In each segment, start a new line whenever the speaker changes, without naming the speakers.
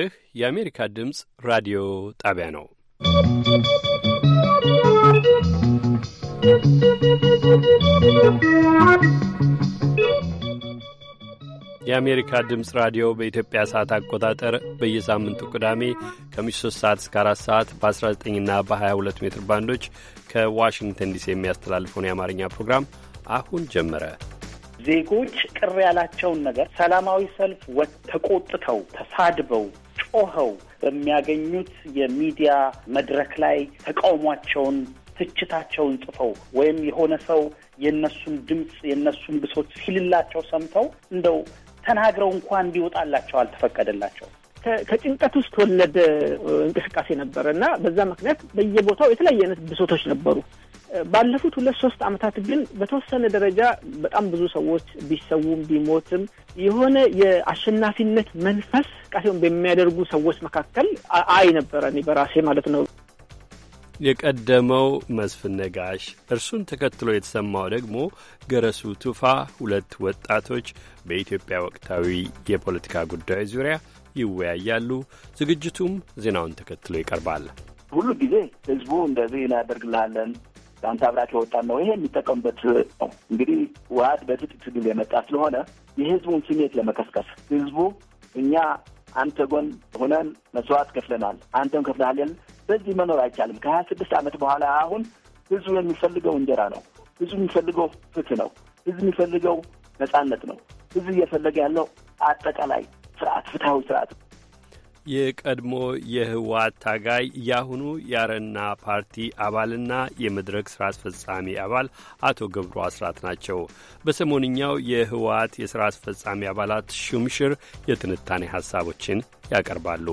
ይህ የአሜሪካ ድምፅ ራዲዮ ጣቢያ ነው። የአሜሪካ ድምፅ ራዲዮ በኢትዮጵያ ሰዓት አቆጣጠር በየሳምንቱ ቅዳሜ ከምሽቱ 3 ሰዓት እስከ 4 ሰዓት በ19ና በ22 ሜትር ባንዶች ከዋሽንግተን ዲሲ የሚያስተላልፈውን የአማርኛ ፕሮግራም አሁን ጀመረ።
ዜጎች ቅር ያላቸውን ነገር ሰላማዊ ሰልፍ ተቆጥተው ተሳድበው ጮኸው በሚያገኙት የሚዲያ መድረክ ላይ ተቃውሟቸውን፣ ትችታቸውን ጽፈው ወይም የሆነ ሰው የእነሱን ድምፅ የእነሱን ብሶት ሲልላቸው ሰምተው እንደው ተናግረው እንኳን እንዲወጣላቸው አልተፈቀደላቸው።
ከጭንቀት ውስጥ ወለደ እንቅስቃሴ ነበረ እና በዛ ምክንያት በየቦታው የተለያየ አይነት ብሶቶች ነበሩ። ባለፉት ሁለት ሶስት አመታት ግን በተወሰነ ደረጃ በጣም ብዙ ሰዎች ቢሰውም ቢሞትም የሆነ የአሸናፊነት መንፈስ እንቅስቃሴውን በሚያደርጉ ሰዎች መካከል አይ ነበረ እኔ በራሴ ማለት ነው።
የቀደመው መስፍን ነጋሽ፣ እርሱን ተከትሎ የተሰማው ደግሞ ገረሱ ቱፋ፣ ሁለት ወጣቶች በኢትዮጵያ ወቅታዊ የፖለቲካ ጉዳዮች ዙሪያ ይወያያሉ። ዝግጅቱም ዜናውን ተከትሎ ይቀርባል።
ሁሉ ጊዜ ህዝቡ እንደዚህ እናደርግልሃለን ለአንተ አብራክ የወጣን ነው። ይሄ የሚጠቀሙበት ነው። እንግዲህ ውሀት በትጥቅ ትግል የመጣ ስለሆነ የህዝቡን ስሜት ለመቀስቀስ ህዝቡ እኛ አንተ ጎን ሆነን መስዋዕት ከፍለናል፣ አንተም ከፍለሃል በዚህ መኖር አይቻልም። ከሀያ ስድስት ዓመት በኋላ አሁን ህዝቡ የሚፈልገው እንጀራ ነው። ህዝቡ የሚፈልገው ፍትህ ነው። ህዝብ የሚፈልገው ነጻነት ነው። ህዝብ እየፈለገ ያለው አጠቃላይ ስርዓት ፍትሐዊ ስርዓት
የቀድሞ የህወሓት ታጋይ ያሁኑ የአረና ፓርቲ አባልና የመድረክ ስራ አስፈጻሚ አባል አቶ ገብሩ አስራት ናቸው። በሰሞንኛው የህወሓት የስራ አስፈጻሚ አባላት ሹምሽር የትንታኔ ሀሳቦችን ያቀርባሉ።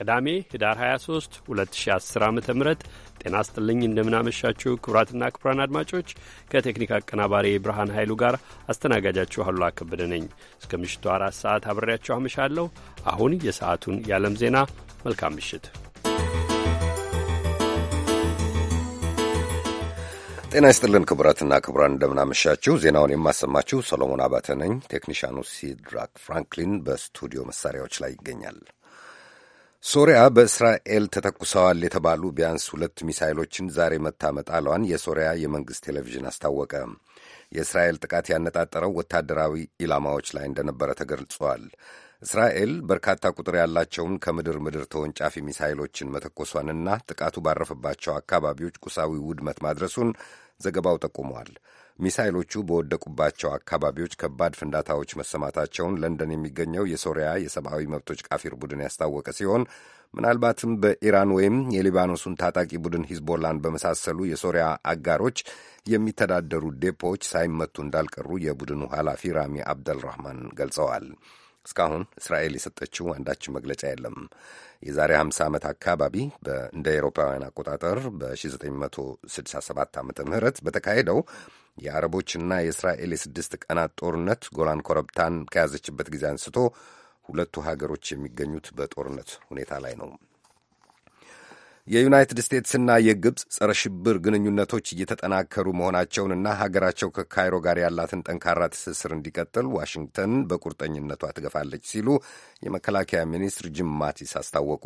ቅዳሜ ህዳር 23 2010 ዓ ም ጤና ስጥልኝ እንደምናመሻችሁ ክቡራትና ክቡራን አድማጮች ከቴክኒክ አቀናባሪ ብርሃን ኃይሉ ጋር አስተናጋጃችሁ አሉላ ከበደ ነኝ። እስከ ምሽቱ አራት ሰዓት አብሬያችሁ አመሻለሁ። አሁን የሰዓቱን የዓለም ዜና። መልካም ምሽት
ጤና ይስጥልን ክቡራትና ክቡራን እንደምናመሻችሁ። ዜናውን የማሰማችሁ ሰሎሞን አባተ ነኝ። ቴክኒሻኑ ሲድራክ ፍራንክሊን በስቱዲዮ መሳሪያዎች ላይ ይገኛል። ሶሪያ በእስራኤል ተተኩሰዋል የተባሉ ቢያንስ ሁለት ሚሳይሎችን ዛሬ መታ መጣሏን የሶሪያ የመንግሥት ቴሌቪዥን አስታወቀ። የእስራኤል ጥቃት ያነጣጠረው ወታደራዊ ኢላማዎች ላይ እንደነበረ ተገልጿል። እስራኤል በርካታ ቁጥር ያላቸውን ከምድር ምድር ተወንጫፊ ሚሳይሎችን መተኮሷንና ጥቃቱ ባረፈባቸው አካባቢዎች ቁሳዊ ውድመት ማድረሱን ዘገባው ጠቁሟል። ሚሳይሎቹ በወደቁባቸው አካባቢዎች ከባድ ፍንዳታዎች መሰማታቸውን ለንደን የሚገኘው የሶሪያ የሰብአዊ መብቶች ቃፊር ቡድን ያስታወቀ ሲሆን ምናልባትም በኢራን ወይም የሊባኖሱን ታጣቂ ቡድን ሂዝቦላን በመሳሰሉ የሶሪያ አጋሮች የሚተዳደሩ ዴፖዎች ሳይመቱ እንዳልቀሩ የቡድኑ ኃላፊ ራሚ አብደልራህማን ገልጸዋል። እስካሁን እስራኤል የሰጠችው አንዳችም መግለጫ የለም። የዛሬ 50 ዓመት አካባቢ እንደ አውሮፓውያን አቆጣጠር በ1967 ዓ ም በተካሄደው የአረቦችና የእስራኤል የስድስት ቀናት ጦርነት ጎላን ኮረብታን ከያዘችበት ጊዜ አንስቶ ሁለቱ ሀገሮች የሚገኙት በጦርነት ሁኔታ ላይ ነው። የዩናይትድ ስቴትስና የግብፅ ጸረ ሽብር ግንኙነቶች እየተጠናከሩ መሆናቸውንና ሀገራቸው ከካይሮ ጋር ያላትን ጠንካራ ትስስር እንዲቀጥል ዋሽንግተን በቁርጠኝነቷ ትገፋለች ሲሉ የመከላከያ ሚኒስትር ጂም ማቲስ አስታወቁ።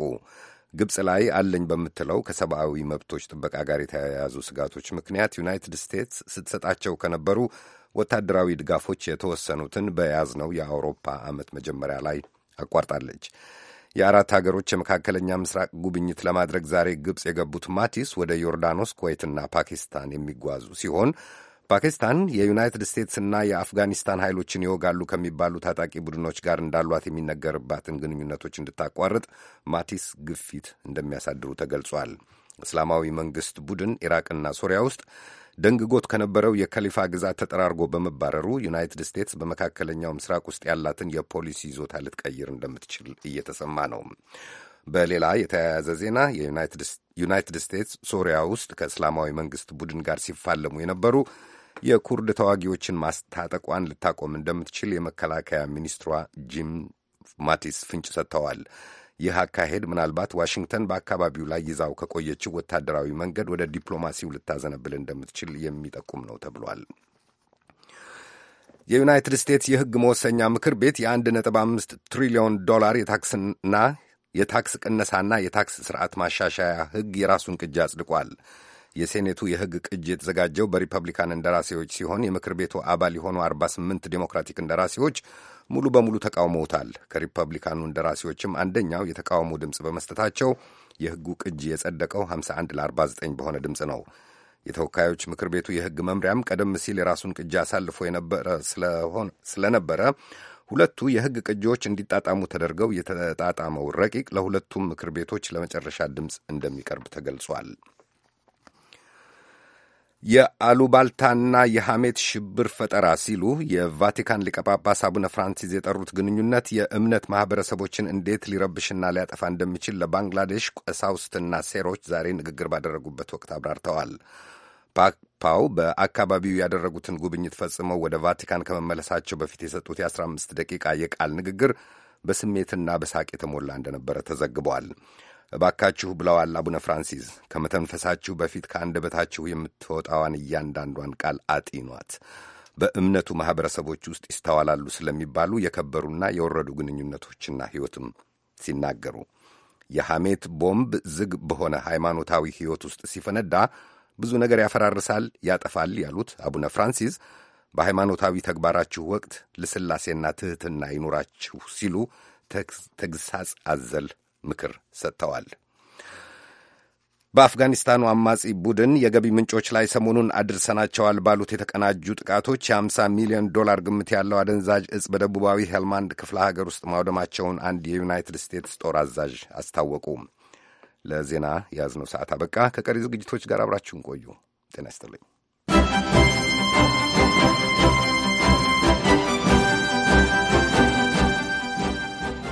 ግብፅ ላይ አለኝ በምትለው ከሰብአዊ መብቶች ጥበቃ ጋር የተያያዙ ስጋቶች ምክንያት ዩናይትድ ስቴትስ ስትሰጣቸው ከነበሩ ወታደራዊ ድጋፎች የተወሰኑትን በያዝነው የአውሮፓ ዓመት መጀመሪያ ላይ አቋርጣለች። የአራት ሀገሮች የመካከለኛ ምስራቅ ጉብኝት ለማድረግ ዛሬ ግብፅ የገቡት ማቲስ ወደ ዮርዳኖስ፣ ኩዌትና ፓኪስታን የሚጓዙ ሲሆን ፓኪስታን የዩናይትድ ስቴትስና የአፍጋኒስታን ኃይሎችን ይወጋሉ ከሚባሉ ታጣቂ ቡድኖች ጋር እንዳሏት የሚነገርባትን ግንኙነቶች እንድታቋርጥ ማቲስ ግፊት እንደሚያሳድሩ ተገልጿል። እስላማዊ መንግሥት ቡድን ኢራቅና ሶሪያ ውስጥ ደንግጎት ከነበረው የከሊፋ ግዛት ተጠራርጎ በመባረሩ ዩናይትድ ስቴትስ በመካከለኛው ምስራቅ ውስጥ ያላትን የፖሊሲ ይዞታ ልትቀይር እንደምትችል እየተሰማ ነው። በሌላ የተያያዘ ዜና የዩናይትድ ስቴትስ ሶሪያ ውስጥ ከእስላማዊ መንግሥት ቡድን ጋር ሲፋለሙ የነበሩ የኩርድ ተዋጊዎችን ማስታጠቋን ልታቆም እንደምትችል የመከላከያ ሚኒስትሯ ጂም ማቲስ ፍንጭ ሰጥተዋል። ይህ አካሄድ ምናልባት ዋሽንግተን በአካባቢው ላይ ይዛው ከቆየችው ወታደራዊ መንገድ ወደ ዲፕሎማሲው ልታዘነብል እንደምትችል የሚጠቁም ነው ተብሏል። የዩናይትድ ስቴትስ የሕግ መወሰኛ ምክር ቤት የ1.5 ትሪሊዮን ዶላር የታክስና የታክስ ቅነሳና የታክስ ስርዓት ማሻሻያ ሕግ የራሱን ቅጃ አጽድቋል። የሴኔቱ የሕግ ቅጅ የተዘጋጀው በሪፐብሊካን እንደራሴዎች ሲሆን የምክር ቤቱ አባል የሆኑ 48 ዴሞክራቲክ እንደራሴዎች ሙሉ በሙሉ ተቃውመውታል። ከሪፐብሊካኑ እንደራሴዎችም አንደኛው የተቃውሞ ድምፅ በመስጠታቸው የሕጉ ቅጅ የጸደቀው 51 ለ49 በሆነ ድምፅ ነው። የተወካዮች ምክር ቤቱ የሕግ መምሪያም ቀደም ሲል የራሱን ቅጅ አሳልፎ የነበረ ስለነበረ ሁለቱ የሕግ ቅጂዎች እንዲጣጣሙ ተደርገው የተጣጣመው ረቂቅ ለሁለቱም ምክር ቤቶች ለመጨረሻ ድምፅ እንደሚቀርብ ተገልጿል። የአሉባልታና የሐሜት ሽብር ፈጠራ ሲሉ የቫቲካን ሊቀጳጳስ ጳጳስ አቡነ ፍራንሲስ የጠሩት ግንኙነት የእምነት ማኅበረሰቦችን እንዴት ሊረብሽና ሊያጠፋ እንደሚችል ለባንግላዴሽ ቀሳውስትና ሴሮች ዛሬ ንግግር ባደረጉበት ወቅት አብራርተዋል። ፓፓው በአካባቢው ያደረጉትን ጉብኝት ፈጽመው ወደ ቫቲካን ከመመለሳቸው በፊት የሰጡት የ15 ደቂቃ የቃል ንግግር በስሜትና በሳቅ የተሞላ እንደነበረ ተዘግቧል። እባካችሁ ብለዋል አቡነ ፍራንሲስ። ከመተንፈሳችሁ በፊት ከአንደበታችሁ የምትወጣዋን እያንዳንዷን ቃል አጢኗት። በእምነቱ ማኅበረሰቦች ውስጥ ይስተዋላሉ ስለሚባሉ የከበሩና የወረዱ ግንኙነቶችና ሕይወትም ሲናገሩ የሐሜት ቦምብ ዝግ በሆነ ሃይማኖታዊ ሕይወት ውስጥ ሲፈነዳ ብዙ ነገር ያፈራርሳል፣ ያጠፋል ያሉት አቡነ ፍራንሲስ በሃይማኖታዊ ተግባራችሁ ወቅት ልስላሴና ትሕትና ይኑራችሁ ሲሉ ተግሳጽ አዘል ምክር ሰጥተዋል። በአፍጋኒስታኑ አማጺ ቡድን የገቢ ምንጮች ላይ ሰሞኑን አድርሰናቸዋል ባሉት የተቀናጁ ጥቃቶች የ50 ሚሊዮን ዶላር ግምት ያለው አደንዛዥ እጽ በደቡባዊ ሄልማንድ ክፍለ ሀገር ውስጥ ማውደማቸውን አንድ የዩናይትድ ስቴትስ ጦር አዛዥ አስታወቁ። ለዜና የያዝነው ሰዓት አበቃ። ከቀሪ ዝግጅቶች ጋር አብራችሁን ቆዩ። ጤና ይስጥልኝ።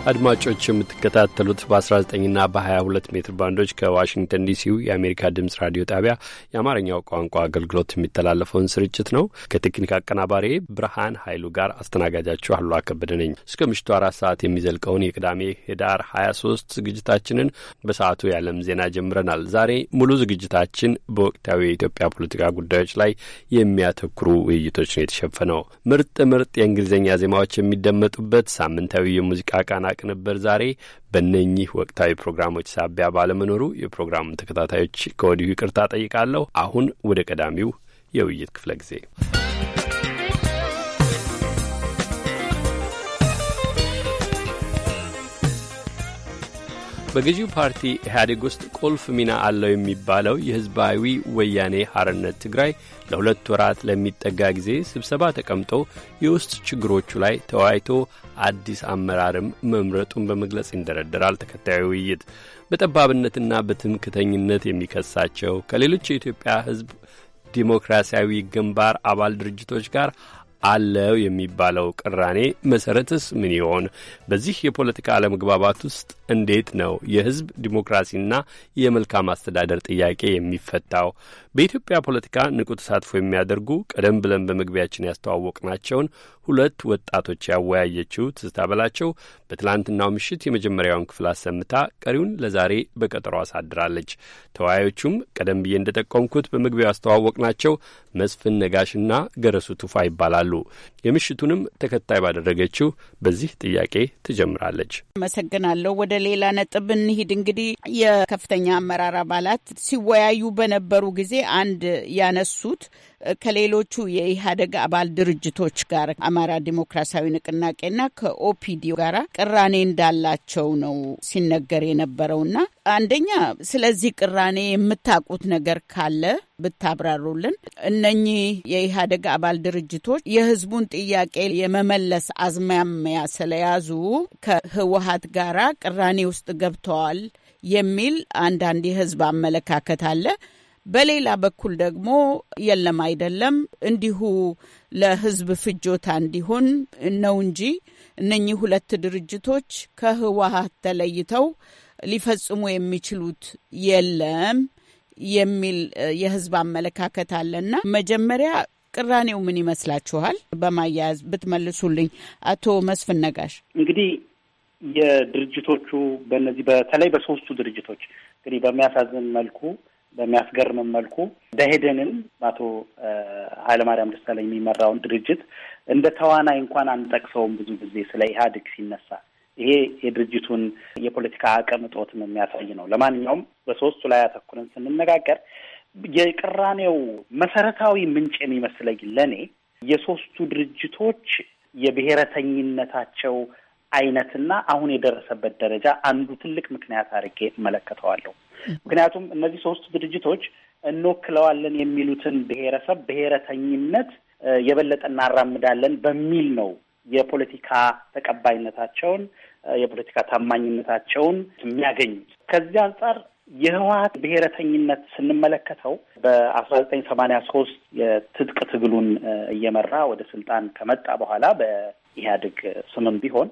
አድማጮች የምትከታተሉት በ19ና በ22 ሜትር ባንዶች ከዋሽንግተን ዲሲው የአሜሪካ ድምፅ ራዲዮ ጣቢያ የአማርኛው ቋንቋ አገልግሎት የሚተላለፈውን ስርጭት ነው። ከቴክኒክ አቀናባሪ ብርሃን ኃይሉ ጋር አስተናጋጃችሁ አሉ አከበደ ነኝ። እስከ ምሽቱ አራት ሰዓት የሚዘልቀውን የቅዳሜ ህዳር 23 ዝግጅታችንን በሰዓቱ የዓለም ዜና ጀምረናል። ዛሬ ሙሉ ዝግጅታችን በወቅታዊ የኢትዮጵያ ፖለቲካ ጉዳዮች ላይ የሚያተኩሩ ውይይቶች ነው የተሸፈነው። ምርጥ ምርጥ የእንግሊዝኛ ዜማዎች የሚደመጡበት ሳምንታዊ የሙዚቃ ቃና ቅንብር ዛሬ በእነኚህ ወቅታዊ ፕሮግራሞች ሳቢያ ባለመኖሩ የፕሮግራሙን ተከታታዮች ከወዲሁ ይቅርታ ጠይቃለሁ። አሁን ወደ ቀዳሚው የውይይት ክፍለ ጊዜ በገዢው ፓርቲ ኢህአዴግ ውስጥ ቁልፍ ሚና አለው የሚባለው የህዝባዊ ወያኔ ሐርነት ትግራይ ለሁለት ወራት ለሚጠጋ ጊዜ ስብሰባ ተቀምጦ የውስጥ ችግሮቹ ላይ ተወያይቶ አዲስ አመራርም መምረጡን በመግለጽ ይንደረደራል። ተከታዩ ውይይት በጠባብነትና በትምክተኝነት የሚከሳቸው ከሌሎች የኢትዮጵያ ህዝብ ዲሞክራሲያዊ ግንባር አባል ድርጅቶች ጋር አለው የሚባለው ቅራኔ መሰረትስ ምን ይሆን? በዚህ የፖለቲካ አለመግባባት ውስጥ እንዴት ነው የህዝብ ዲሞክራሲና የመልካም አስተዳደር ጥያቄ የሚፈታው? በኢትዮጵያ ፖለቲካ ንቁ ተሳትፎ የሚያደርጉ ቀደም ብለን በመግቢያችን ያስተዋወቅናቸውን ሁለት ወጣቶች ያወያየችው ትዝታ በላቸው በትላንትናው ምሽት የመጀመሪያውን ክፍል አሰምታ ቀሪውን ለዛሬ በቀጠሮ አሳድራለች። ተወያዮቹም ቀደም ብዬ እንደ ጠቆምኩት በመግቢያው አስተዋወቅ ናቸው መስፍን ነጋሽና ገረሱ ቱፋ ይባላሉ። የምሽቱንም ተከታይ ባደረገችው በዚህ ጥያቄ ትጀምራለች።
አመሰግናለሁ። ወደ ሌላ ነጥብ እንሂድ። እንግዲህ የከፍተኛ አመራር አባላት ሲወያዩ በነበሩ ጊዜ አንድ ያነሱት ከሌሎቹ የኢህአዴግ አባል ድርጅቶች ጋር አማራ ዲሞክራሲያዊ ንቅናቄና ከኦፒዲዮ ጋራ ቅራኔ እንዳላቸው ነው ሲነገር የነበረውና አንደኛ ስለዚህ ቅራኔ የምታውቁት ነገር ካለ ብታብራሩልን። እነኚህ የኢህአዴግ አባል ድርጅቶች የህዝቡን ጥያቄ የመመለስ አዝማሚያ ስለያዙ ከህወሀት ጋራ ቅራኔ ውስጥ ገብተዋል የሚል አንዳንድ የህዝብ አመለካከት አለ። በሌላ በኩል ደግሞ የለም አይደለም እንዲሁ ለህዝብ ፍጆታ እንዲሆን ነው እንጂ እነኚህ ሁለት ድርጅቶች ከህወሀት ተለይተው ሊፈጽሙ የሚችሉት የለም የሚል የህዝብ አመለካከት አለና መጀመሪያ ቅራኔው ምን ይመስላችኋል? በማያያዝ ብትመልሱልኝ። አቶ መስፍን ነጋሽ። እንግዲህ
የድርጅቶቹ በነዚህ በተለይ በሶስቱ ድርጅቶች እንግዲህ በሚያሳዝን መልኩ በሚያስገርምም መልኩ ደሄደንን በአቶ ኃይለማርያም ደሳለኝ የሚመራውን ድርጅት እንደ ተዋናይ እንኳን አንጠቅሰውም ብዙ ጊዜ ስለ ኢህአዴግ ሲነሳ። ይሄ የድርጅቱን የፖለቲካ አቅም እጦትም የሚያሳይ ነው። ለማንኛውም በሶስቱ ላይ አተኩረን ስንነጋገር የቅራኔው መሰረታዊ ምንጭ የሚመስለኝ ለእኔ የሶስቱ ድርጅቶች የብሔረተኝነታቸው አይነትና አሁን የደረሰበት ደረጃ አንዱ ትልቅ ምክንያት አድርጌ እመለከተዋለሁ። ምክንያቱም እነዚህ ሶስት ድርጅቶች እንወክለዋለን የሚሉትን ብሔረሰብ ብሔረተኝነት የበለጠ እናራምዳለን በሚል ነው የፖለቲካ ተቀባይነታቸውን የፖለቲካ ታማኝነታቸውን የሚያገኙት። ከዚህ አንጻር የህወሀት ብሔረተኝነት ስንመለከተው በአስራ ዘጠኝ ሰማንያ ሶስት የትጥቅ ትግሉን እየመራ ወደ ስልጣን ከመጣ በኋላ በኢህአዴግ ስምም ቢሆን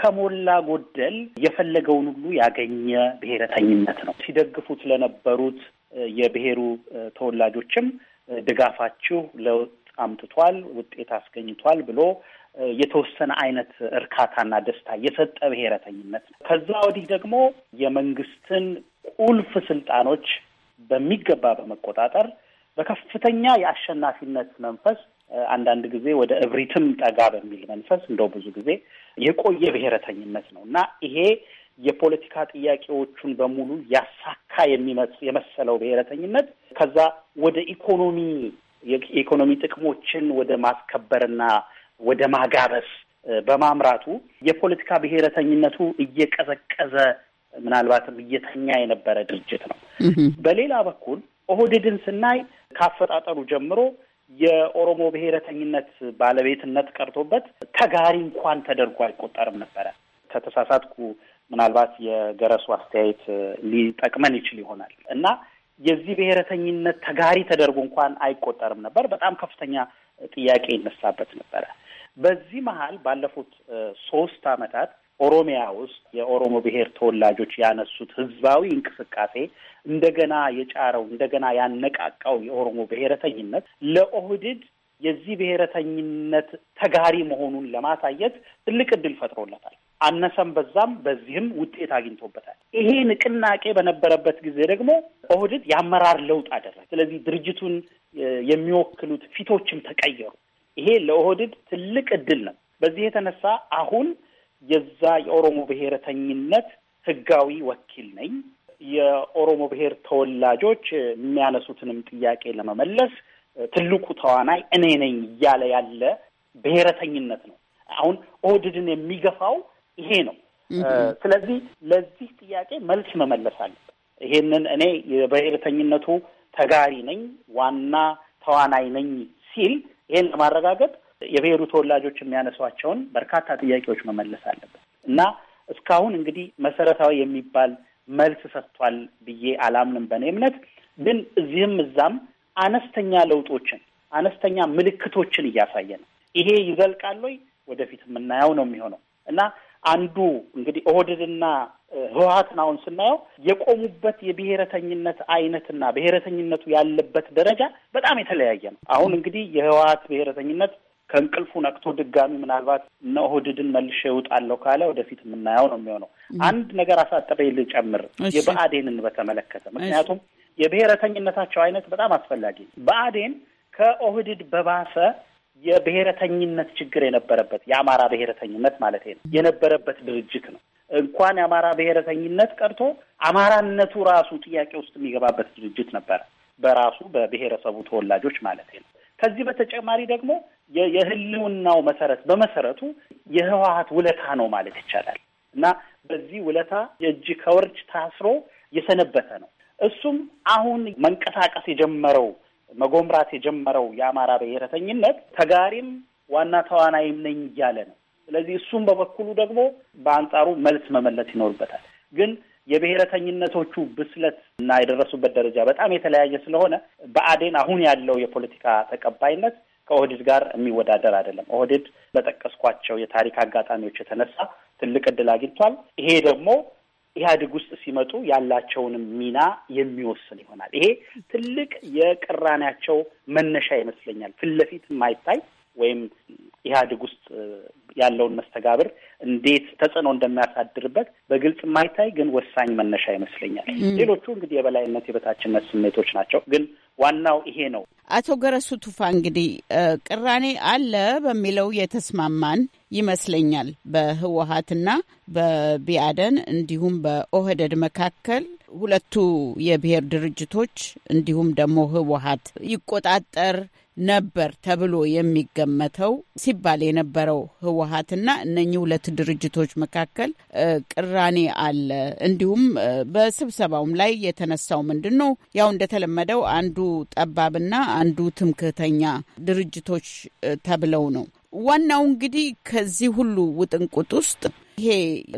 ከሞላ ጎደል የፈለገውን ሁሉ ያገኘ ብሔረተኝነት ነው። ሲደግፉት ለነበሩት የብሔሩ ተወላጆችም ድጋፋችሁ ለውጥ አምጥቷል፣ ውጤት አስገኝቷል ብሎ የተወሰነ አይነት እርካታና ደስታ የሰጠ ብሔረተኝነት ነው። ከዛ ወዲህ ደግሞ የመንግስትን ቁልፍ ስልጣኖች በሚገባ በመቆጣጠር በከፍተኛ የአሸናፊነት መንፈስ አንዳንድ ጊዜ ወደ እብሪትም ጠጋ በሚል መንፈስ እንደው ብዙ ጊዜ የቆየ ብሔረተኝነት ነው እና ይሄ የፖለቲካ ጥያቄዎቹን በሙሉ ያሳካ የመሰለው ብሔረተኝነት ከዛ ወደ ኢኮኖሚ የኢኮኖሚ ጥቅሞችን ወደ ማስከበርና ወደ ማጋበስ በማምራቱ የፖለቲካ ብሔረተኝነቱ እየቀዘቀዘ ምናልባትም እየተኛ የነበረ ድርጅት ነው። በሌላ በኩል ኦህዴድን ስናይ ካፈጣጠሩ ጀምሮ የኦሮሞ ብሔረተኝነት ባለቤትነት ቀርቶበት ተጋሪ እንኳን ተደርጎ አይቆጠርም ነበረ። ከተሳሳትኩ ምናልባት የገረሱ አስተያየት ሊጠቅመን ይችል ይሆናል እና የዚህ ብሔረተኝነት ተጋሪ ተደርጎ እንኳን አይቆጠርም ነበር። በጣም ከፍተኛ ጥያቄ ይነሳበት ነበረ። በዚህ መሀል ባለፉት ሶስት አመታት። ኦሮሚያ ውስጥ የኦሮሞ ብሔር ተወላጆች ያነሱት ህዝባዊ እንቅስቃሴ እንደገና የጫረው እንደገና ያነቃቃው የኦሮሞ ብሔረተኝነት ለኦህድድ የዚህ ብሔረተኝነት ተጋሪ መሆኑን ለማሳየት ትልቅ እድል ፈጥሮለታል። አነሰም በዛም በዚህም ውጤት አግኝቶበታል። ይሄ ንቅናቄ በነበረበት ጊዜ ደግሞ ኦህድድ የአመራር ለውጥ አደረገ። ስለዚህ ድርጅቱን የሚወክሉት ፊቶችም ተቀየሩ። ይሄ ለኦህድድ ትልቅ እድል ነው። በዚህ የተነሳ አሁን የዛ የኦሮሞ ብሔረተኝነት ህጋዊ ወኪል ነኝ። የኦሮሞ ብሔር ተወላጆች የሚያነሱትንም ጥያቄ ለመመለስ ትልቁ ተዋናይ እኔ ነኝ እያለ ያለ ብሔረተኝነት ነው። አሁን ኦህዴድን የሚገፋው ይሄ ነው። ስለዚህ ለዚህ ጥያቄ መልስ መመለስ አለበት። ይሄንን እኔ የብሔረተኝነቱ ተጋሪ ነኝ፣ ዋና ተዋናይ ነኝ ሲል ይሄን ለማረጋገጥ የብሔሩ ተወላጆች የሚያነሷቸውን በርካታ ጥያቄዎች መመለስ አለበት እና እስካሁን እንግዲህ መሰረታዊ የሚባል መልስ ሰጥቷል ብዬ አላምንም። በእኔ እምነት ግን እዚህም እዛም አነስተኛ ለውጦችን አነስተኛ ምልክቶችን እያሳየ ነው። ይሄ ይዘልቃል ወይ ወደፊት የምናየው ነው የሚሆነው እና አንዱ እንግዲህ ኦህድድና ህወሀትን አሁን ስናየው የቆሙበት የብሔረተኝነት አይነትና ብሔረተኝነቱ ያለበት ደረጃ በጣም የተለያየ ነው። አሁን እንግዲህ የህወሀት ብሔረተኝነት ከእንቅልፉ ነቅቶ ድጋሚ ምናልባት እነ ኦህዴድን መልሼ እውጣለሁ ካለ ወደፊት የምናየው ነው የሚሆነው። አንድ ነገር አሳጥሬ ልጨምር፣ የብአዴንን በተመለከተ ምክንያቱም የብሔረተኝነታቸው አይነት በጣም አስፈላጊ። ብአዴን ከኦህድድ በባሰ የብሔረተኝነት ችግር የነበረበት የአማራ ብሔረተኝነት ማለት ነው የነበረበት ድርጅት ነው። እንኳን የአማራ ብሔረተኝነት ቀርቶ አማራነቱ ራሱ ጥያቄ ውስጥ የሚገባበት ድርጅት ነበር፣ በራሱ በብሔረሰቡ ተወላጆች ማለት ነው። ከዚህ በተጨማሪ ደግሞ የህልውናው መሰረት በመሰረቱ የህወሀት ውለታ ነው ማለት ይቻላል እና በዚህ ውለታ የእጅ ከወርች ታስሮ የሰነበተ ነው። እሱም አሁን መንቀሳቀስ የጀመረው መጎምራት የጀመረው የአማራ ብሔረተኝነት ተጋሪም ዋና ተዋናይም ነኝ እያለ ነው። ስለዚህ እሱም በበኩሉ ደግሞ በአንጻሩ መልስ መመለስ ይኖርበታል። ግን የብሔረተኝነቶቹ ብስለት እና የደረሱበት ደረጃ በጣም የተለያየ ስለሆነ በአዴን አሁን ያለው የፖለቲካ ተቀባይነት ከኦህዴድ ጋር የሚወዳደር አይደለም። ኦህዴድ በጠቀስኳቸው የታሪክ አጋጣሚዎች የተነሳ ትልቅ እድል አግኝቷል። ይሄ ደግሞ ኢህአዴግ ውስጥ ሲመጡ ያላቸውንም ሚና የሚወስን ይሆናል። ይሄ ትልቅ የቅራኔያቸው መነሻ ይመስለኛል። ፊት ለፊት የማይታይ ወይም ኢህአዴግ ውስጥ ያለውን መስተጋብር እንዴት ተጽዕኖ እንደሚያሳድርበት በግልጽ የማይታይ ግን ወሳኝ መነሻ ይመስለኛል። ሌሎቹ እንግዲህ የበላይነት የበታችነት ስሜቶች ናቸው ግን ዋናው ይሄ
ነው። አቶ ገረሱ ቱፋ እንግዲህ ቅራኔ አለ በሚለው የተስማማን ይመስለኛል። በህወሀትና በቢአደን እንዲሁም በኦህደድ መካከል ሁለቱ የብሔር ድርጅቶች እንዲሁም ደግሞ ህወሀት ይቆጣጠር ነበር ተብሎ የሚገመተው ሲባል የነበረው ህወሀትና እነኚህ ሁለት ድርጅቶች መካከል ቅራኔ አለ። እንዲሁም በስብሰባውም ላይ የተነሳው ምንድን ነው ያው እንደተለመደው አንዱ ጠባብና አንዱ ትምክህተኛ ድርጅቶች ተብለው ነው። ዋናው እንግዲህ ከዚህ ሁሉ ውጥንቁጥ ውስጥ ይሄ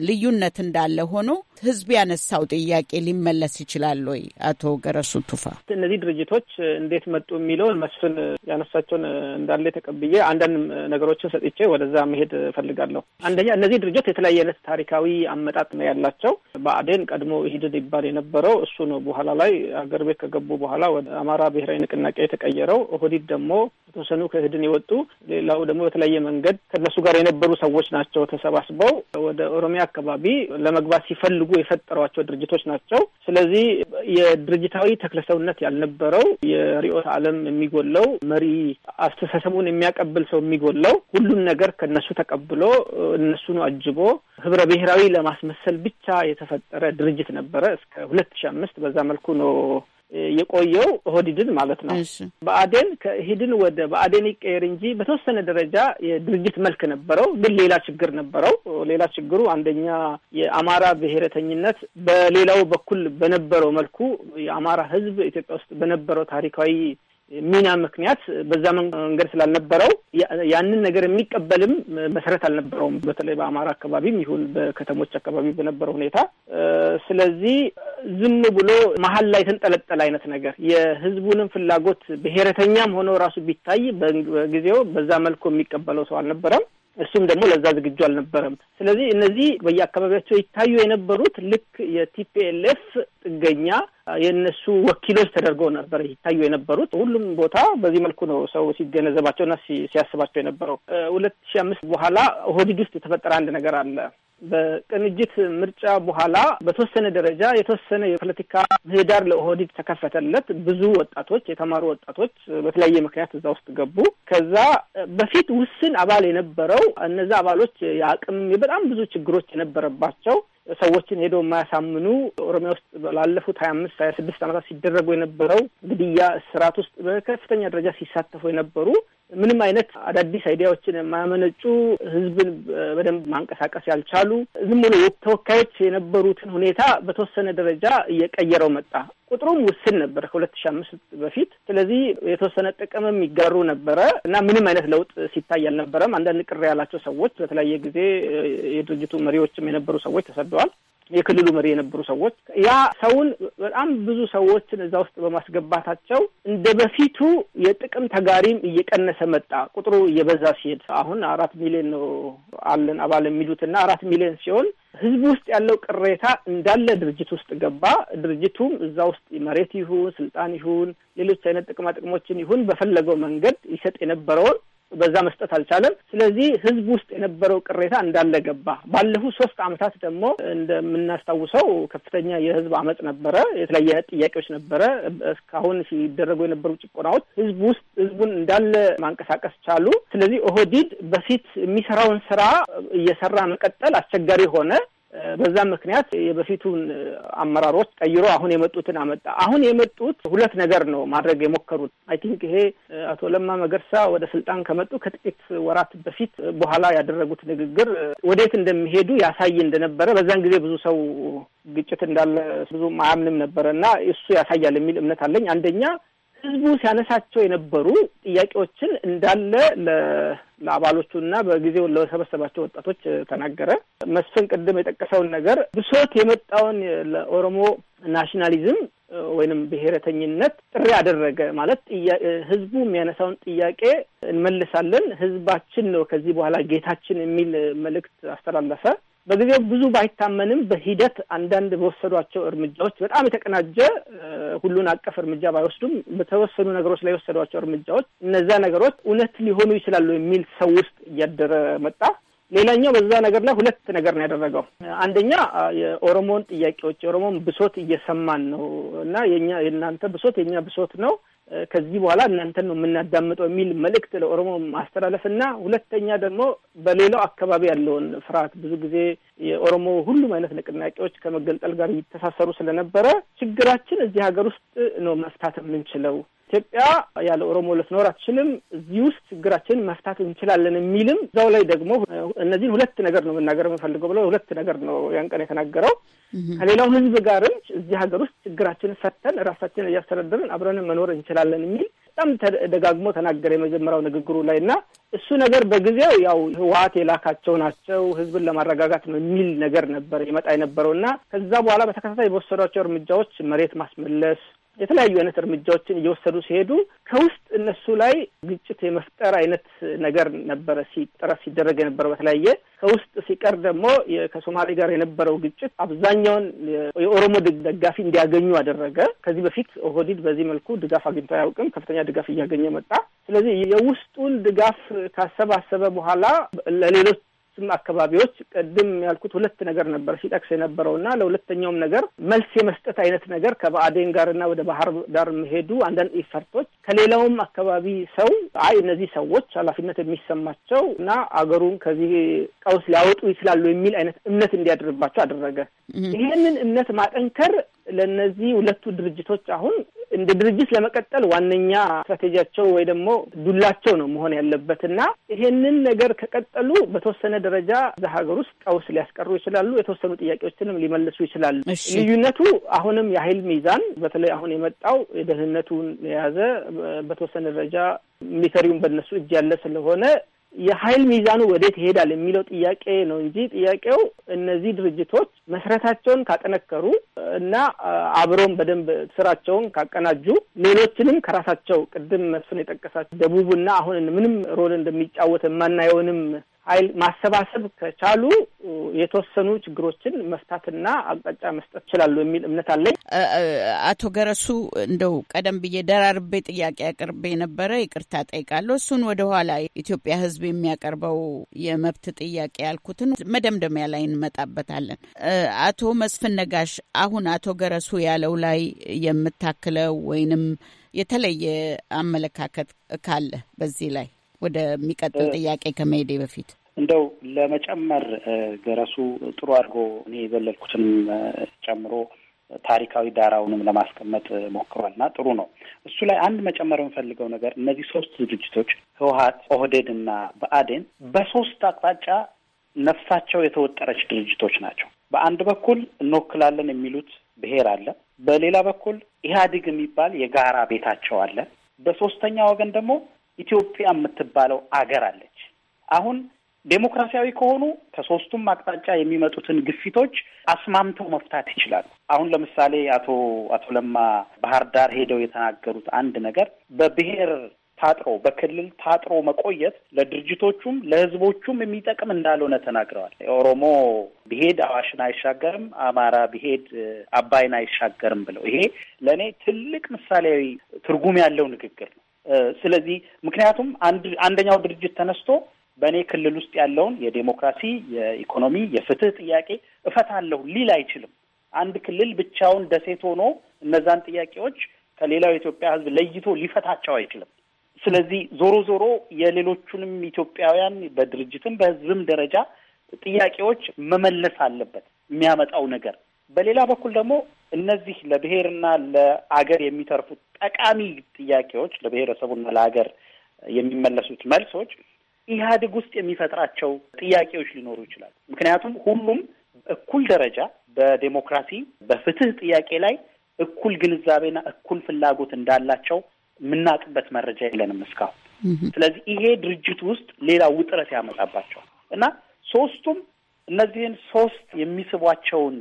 ልዩነት እንዳለ ሆኖ ህዝብ ያነሳው ጥያቄ ሊመለስ ይችላል ወይ? አቶ ገረሱ ቱፋ፣
እነዚህ ድርጅቶች እንዴት መጡ የሚለውን መስፍን ያነሳቸውን እንዳለ ተቀብዬ አንዳንድ ነገሮችን ሰጥቼ ወደዛ መሄድ እፈልጋለሁ። አንደኛ እነዚህ ድርጅቶች የተለያየ አይነት ታሪካዊ አመጣጥ ነው ያላቸው። በአዴን ቀድሞ ኢህዴን ይባል የነበረው እሱ ነው። በኋላ ላይ አገር ቤት ከገቡ በኋላ ወደ አማራ ብሔራዊ ንቅናቄ የተቀየረው። ኦህዲድ ደግሞ የተወሰኑ ከህድን የወጡ ሌላው ደግሞ በተለያየ መንገድ ከነሱ ጋር የነበሩ ሰዎች ናቸው ተሰባስበው ወደ ኦሮሚያ አካባቢ ለመግባት ሲፈልጉ የፈጠሯቸው ድርጅቶች ናቸው። ስለዚህ የድርጅታዊ ተክለሰውነት ያልነበረው የርዕዮተ ዓለም የሚጎለው መሪ አስተሳሰቡን የሚያቀብል ሰው የሚጎለው ሁሉም ነገር ከነሱ ተቀብሎ እነሱን አጅቦ ህብረ ብሔራዊ ለማስመሰል ብቻ የተፈጠረ ድርጅት ነበረ እስከ ሁለት ሺ አምስት በዛ መልኩ ነው የቆየው ኦህዲድን ማለት ነው። በአዴን ከሂድን ወደ በአዴን ይቀየር እንጂ በተወሰነ ደረጃ የድርጅት መልክ ነበረው፣ ግን ሌላ ችግር ነበረው። ሌላ ችግሩ አንደኛ የአማራ ብሔረተኝነት በሌላው በኩል በነበረው መልኩ የአማራ ሕዝብ ኢትዮጵያ ውስጥ በነበረው ታሪካዊ ሚና ምክንያት በዛ መንገድ ስላልነበረው ያንን ነገር የሚቀበልም መሰረት አልነበረውም። በተለይ በአማራ አካባቢም ይሁን በከተሞች አካባቢ በነበረው ሁኔታ ስለዚህ ዝም ብሎ መሀል ላይ የተንጠለጠለ አይነት ነገር የህዝቡንም ፍላጎት ብሔረተኛም ሆኖ ራሱ ቢታይ በጊዜው በዛ መልኩ የሚቀበለው ሰው አልነበረም። እሱም ደግሞ ለዛ ዝግጁ አልነበረም። ስለዚህ እነዚህ በየአካባቢያቸው ይታዩ የነበሩት ልክ የቲፒኤልኤፍ ጥገኛ የእነሱ ወኪሎች ተደርገው ነበር ይታዩ የነበሩት። ሁሉም ቦታ በዚህ መልኩ ነው ሰው ሲገነዘባቸውና ሲያስባቸው የነበረው። ሁለት ሺህ አምስት በኋላ ኦህዴድ ውስጥ የተፈጠረ አንድ ነገር አለ። በቅንጅት ምርጫ በኋላ በተወሰነ ደረጃ የተወሰነ የፖለቲካ ምህዳር ለኦህዴድ ተከፈተለት። ብዙ ወጣቶች፣ የተማሩ ወጣቶች በተለያየ ምክንያት እዛ ውስጥ ገቡ። ከዛ በፊት ውስን አባል የነበረው እነዛ አባሎች የአቅም በጣም ብዙ ችግሮች የነበረባቸው ሰዎችን ሄዶ የማያሳምኑ ኦሮሚያ ውስጥ ላለፉት ሀያ አምስት ሀያ ስድስት ዓመታት ሲደረጉ የነበረው ግድያ፣ ስርዓት ውስጥ በከፍተኛ ደረጃ ሲሳተፉ የነበሩ ምንም አይነት አዳዲስ አይዲያዎችን የማያመነጩ ህዝብን በደንብ ማንቀሳቀስ ያልቻሉ ዝም ብሎ ተወካዮች የነበሩትን ሁኔታ በተወሰነ ደረጃ እየቀየረው መጣ። ቁጥሩም ውስን ነበረ ከሁለት ሺ አምስት በፊት። ስለዚህ የተወሰነ ጥቅምም ይጋሩ ነበረ እና ምንም አይነት ለውጥ ሲታይ አልነበረም። አንዳንድ ቅር ያላቸው ሰዎች በተለያየ ጊዜ የድርጅቱ መሪዎችም የነበሩ ሰዎች ተሰደዋል። የክልሉ መሪ የነበሩ ሰዎች ያ ሰውን በጣም ብዙ ሰዎችን እዛ ውስጥ በማስገባታቸው እንደ በፊቱ የጥቅም ተጋሪም እየቀነሰ መጣ። ቁጥሩ እየበዛ ሲሄድ አሁን አራት ሚሊዮን ነው አለን አባል እና አራት ሚሊዮን ሲሆን ህዝብ ውስጥ ያለው ቅሬታ እንዳለ ድርጅት ውስጥ ገባ። ድርጅቱም እዛ ውስጥ መሬት ይሁን ስልጣን ይሁን ሌሎች አይነት ጥቅማ ጥቅሞችን ይሁን በፈለገው መንገድ ይሰጥ የነበረውን በዛ መስጠት አልቻለም። ስለዚህ ህዝብ ውስጥ የነበረው ቅሬታ እንዳለ ገባ። ባለፉት ሶስት አመታት ደግሞ እንደምናስታውሰው ከፍተኛ የህዝብ አመፅ ነበረ። የተለያየ ጥያቄዎች ነበረ። እስካሁን ሲደረጉ የነበሩ ጭቆናዎች ህዝብ ውስጥ ህዝቡን እንዳለ ማንቀሳቀስ ቻሉ። ስለዚህ ኦህዲድ በፊት የሚሰራውን ስራ እየሰራ መቀጠል አስቸጋሪ ሆነ። በዛም ምክንያት የበፊቱን አመራሮች ቀይሮ አሁን የመጡትን አመጣ። አሁን የመጡት ሁለት ነገር ነው ማድረግ የሞከሩት። አይ ቲንክ ይሄ አቶ ለማ መገርሳ ወደ ስልጣን ከመጡ ከጥቂት ወራት በፊት በኋላ ያደረጉት ንግግር ወዴት እንደሚሄዱ ያሳይ እንደነበረ በዛን ጊዜ ብዙ ሰው ግጭት እንዳለ ብዙ አያምንም ነበረ እና እሱ ያሳያል የሚል እምነት አለኝ። አንደኛ ህዝቡ ሲያነሳቸው የነበሩ ጥያቄዎችን እንዳለ እና በጊዜው ለሰበሰባቸው ወጣቶች ተናገረ። መስፍን ቅድም የጠቀሰውን ነገር ብሶት የመጣውን ለኦሮሞ ናሽናሊዝም ወይንም ብሔረተኝነት ጥሪ አደረገ። ማለት ህዝቡ የሚያነሳውን ጥያቄ እንመልሳለን፣ ህዝባችን ነው ከዚህ በኋላ ጌታችን የሚል መልእክት አስተላለፈ። በጊዜው ብዙ ባይታመንም በሂደት አንዳንድ በወሰዷቸው እርምጃዎች በጣም የተቀናጀ ሁሉን አቀፍ እርምጃ ባይወስዱም በተወሰኑ ነገሮች ላይ የወሰዷቸው እርምጃዎች እነዚያ ነገሮች እውነት ሊሆኑ ይችላሉ የሚል ሰው ውስጥ እያደረ መጣ። ሌላኛው በዛ ነገር ላይ ሁለት ነገር ነው ያደረገው። አንደኛ የኦሮሞን ጥያቄዎች የኦሮሞን ብሶት እየሰማን ነው እና የእናንተ ብሶት የኛ ብሶት ነው ከዚህ በኋላ እናንተን ነው የምናዳምጠው የሚል መልእክት ለኦሮሞ ማስተላለፍ እና ሁለተኛ ደግሞ በሌላው አካባቢ ያለውን ፍርሃት ብዙ ጊዜ የኦሮሞ ሁሉም አይነት ንቅናቄዎች ከመገንጠል ጋር ይተሳሰሩ ስለነበረ ችግራችን እዚህ ሀገር ውስጥ ነው መፍታት የምንችለው ኢትዮጵያ ያለ ኦሮሞ ልትኖር አትችልም፣ እዚህ ውስጥ ችግራችንን መፍታት እንችላለን የሚልም እዛው ላይ ደግሞ እነዚህን ሁለት ነገር ነው መናገር የምፈልገው ብሎ ሁለት ነገር ነው ያን ቀን የተናገረው። ከሌላው ህዝብ ጋርም እዚህ ሀገር ውስጥ ችግራችንን ፈተን ራሳችንን እያስተዳደርን አብረን መኖር እንችላለን የሚል በጣም ተደጋግሞ ተናገረ የመጀመሪያው ንግግሩ ላይ እና እሱ ነገር በጊዜው ያው ህወሀት የላካቸው ናቸው ህዝብን ለማረጋጋት ነው የሚል ነገር ነበር ይመጣ የነበረው እና ከዛ በኋላ በተከታታይ በወሰዷቸው እርምጃዎች መሬት ማስመለስ የተለያዩ አይነት እርምጃዎችን እየወሰዱ ሲሄዱ ከውስጥ እነሱ ላይ ግጭት የመፍጠር አይነት ነገር ነበረ ጥረት ሲደረግ የነበረው። በተለያየ ከውስጥ ሲቀር ደግሞ ከሶማሌ ጋር የነበረው ግጭት አብዛኛውን የኦሮሞ ደጋፊ እንዲያገኙ አደረገ። ከዚህ በፊት ኦህዴድ በዚህ መልኩ ድጋፍ አግኝቶ አያውቅም። ከፍተኛ ድጋፍ እያገኘ መጣ። ስለዚህ የውስጡን ድጋፍ ካሰባሰበ በኋላ ለሌሎች ሶስቱም አካባቢዎች ቅድም ያልኩት ሁለት ነገር ነበር ሲጠቅስ የነበረው እና ለሁለተኛውም ነገር መልስ የመስጠት አይነት ነገር ከብአዴን ጋር እና ወደ ባህር ዳር መሄዱ አንዳንድ ኢፈርቶች ከሌላውም አካባቢ ሰው አይ እነዚህ ሰዎች ኃላፊነት የሚሰማቸው እና አገሩን ከዚህ ቀውስ ሊያወጡ ይችላሉ የሚል አይነት እምነት እንዲያድርባቸው አደረገ። ይህንን እምነት ማጠንከር ለእነዚህ ሁለቱ ድርጅቶች አሁን እንደ ድርጅት ለመቀጠል ዋነኛ ስትራቴጂያቸው ወይ ደግሞ ዱላቸው ነው መሆን ያለበት እና ይሄንን ነገር ከቀጠሉ በተወሰነ ደረጃ እዛ ሀገር ውስጥ ቀውስ ሊያስቀሩ ይችላሉ። የተወሰኑ ጥያቄዎችንም ሊመልሱ ይችላሉ። ልዩነቱ አሁንም የኃይል ሚዛን በተለይ አሁን የመጣው የደህንነቱን የያዘ በተወሰነ ደረጃ ሚሊተሪውን በነሱ እጅ ያለ ስለሆነ የኃይል ሚዛኑ ወዴት ይሄዳል የሚለው ጥያቄ ነው እንጂ ጥያቄው እነዚህ ድርጅቶች መሰረታቸውን ካጠነከሩ እና አብረውን በደንብ ስራቸውን ካቀናጁ ሌሎችንም ከራሳቸው ቅድም መስፍን የጠቀሳቸው ደቡብና አሁን ምንም ሮል እንደሚጫወት የማናየውንም ኃይል ማሰባሰብ ከቻሉ የተወሰኑ ችግሮችን መፍታትና አቅጣጫ መስጠት ይችላሉ
የሚል እምነት አለኝ። አቶ ገረሱ እንደው ቀደም ብዬ ደራርቤ ጥያቄ አቅርቤ የነበረ ይቅርታ ጠይቃለሁ። እሱን ወደኋላ ኢትዮጵያ ሕዝብ የሚያቀርበው የመብት ጥያቄ ያልኩትን መደምደሚያ ላይ እንመጣበታለን። አቶ መስፍን ነጋሽ፣ አሁን አቶ ገረሱ ያለው ላይ የምታክለው ወይንም የተለየ አመለካከት ካለ በዚህ ላይ ወደሚቀጥል ጥያቄ ከመሄዴ በፊት
እንደው ለመጨመር ገረሱ ጥሩ አድርጎ እኔ የበለልኩትንም ጨምሮ ታሪካዊ ዳራውንም ለማስቀመጥ ሞክሯል ጥሩ ነው። እሱ ላይ አንድ መጨመር የምፈልገው ነገር እነዚህ ሶስት ድርጅቶች ህወሀት፣ ኦህዴድ እና ብአዴን በሶስት አቅጣጫ ነፍሳቸው የተወጠረች ድርጅቶች ናቸው። በአንድ በኩል እንወክላለን የሚሉት ብሔር አለ። በሌላ በኩል ኢህአዲግ የሚባል የጋራ ቤታቸው አለ። በሶስተኛ ወገን ደግሞ ኢትዮጵያ የምትባለው አገር አለች። አሁን ዴሞክራሲያዊ ከሆኑ ከሶስቱም አቅጣጫ የሚመጡትን ግፊቶች አስማምተው መፍታት ይችላሉ። አሁን ለምሳሌ አቶ አቶ ለማ ባህር ዳር ሄደው የተናገሩት አንድ ነገር በብሔር ታጥሮ በክልል ታጥሮ መቆየት ለድርጅቶቹም ለሕዝቦቹም የሚጠቅም እንዳልሆነ ተናግረዋል። የኦሮሞ ብሄድ አዋሽን አይሻገርም፣ አማራ ብሄድ አባይን አይሻገርም ብለው ይሄ ለእኔ ትልቅ ምሳሌያዊ ትርጉም ያለው ንግግር ነው። ስለዚህ ምክንያቱም አንደኛው ድርጅት ተነስቶ በእኔ ክልል ውስጥ ያለውን የዴሞክራሲ፣ የኢኮኖሚ፣ የፍትህ ጥያቄ እፈታለሁ ሊል አይችልም። አንድ ክልል ብቻውን ደሴት ሆኖ እነዛን ጥያቄዎች ከሌላው የኢትዮጵያ ሕዝብ ለይቶ ሊፈታቸው አይችልም። ስለዚህ ዞሮ ዞሮ የሌሎቹንም ኢትዮጵያውያን በድርጅትም በሕዝብም ደረጃ ጥያቄዎች መመለስ አለበት የሚያመጣው ነገር በሌላ በኩል ደግሞ እነዚህ ለብሔርና ለአገር የሚተርፉት ጠቃሚ ጥያቄዎች ለብሔረሰቡና ለአገር የሚመለሱት መልሶች ኢህአዴግ ውስጥ የሚፈጥራቸው ጥያቄዎች ሊኖሩ ይችላል። ምክንያቱም ሁሉም እኩል ደረጃ በዴሞክራሲ በፍትህ ጥያቄ ላይ እኩል ግንዛቤና እኩል ፍላጎት እንዳላቸው የምናውቅበት መረጃ የለንም እስካሁን። ስለዚህ ይሄ ድርጅት ውስጥ ሌላ ውጥረት ያመጣባቸዋል እና ሶስቱም እነዚህን ሶስት የሚስቧቸውን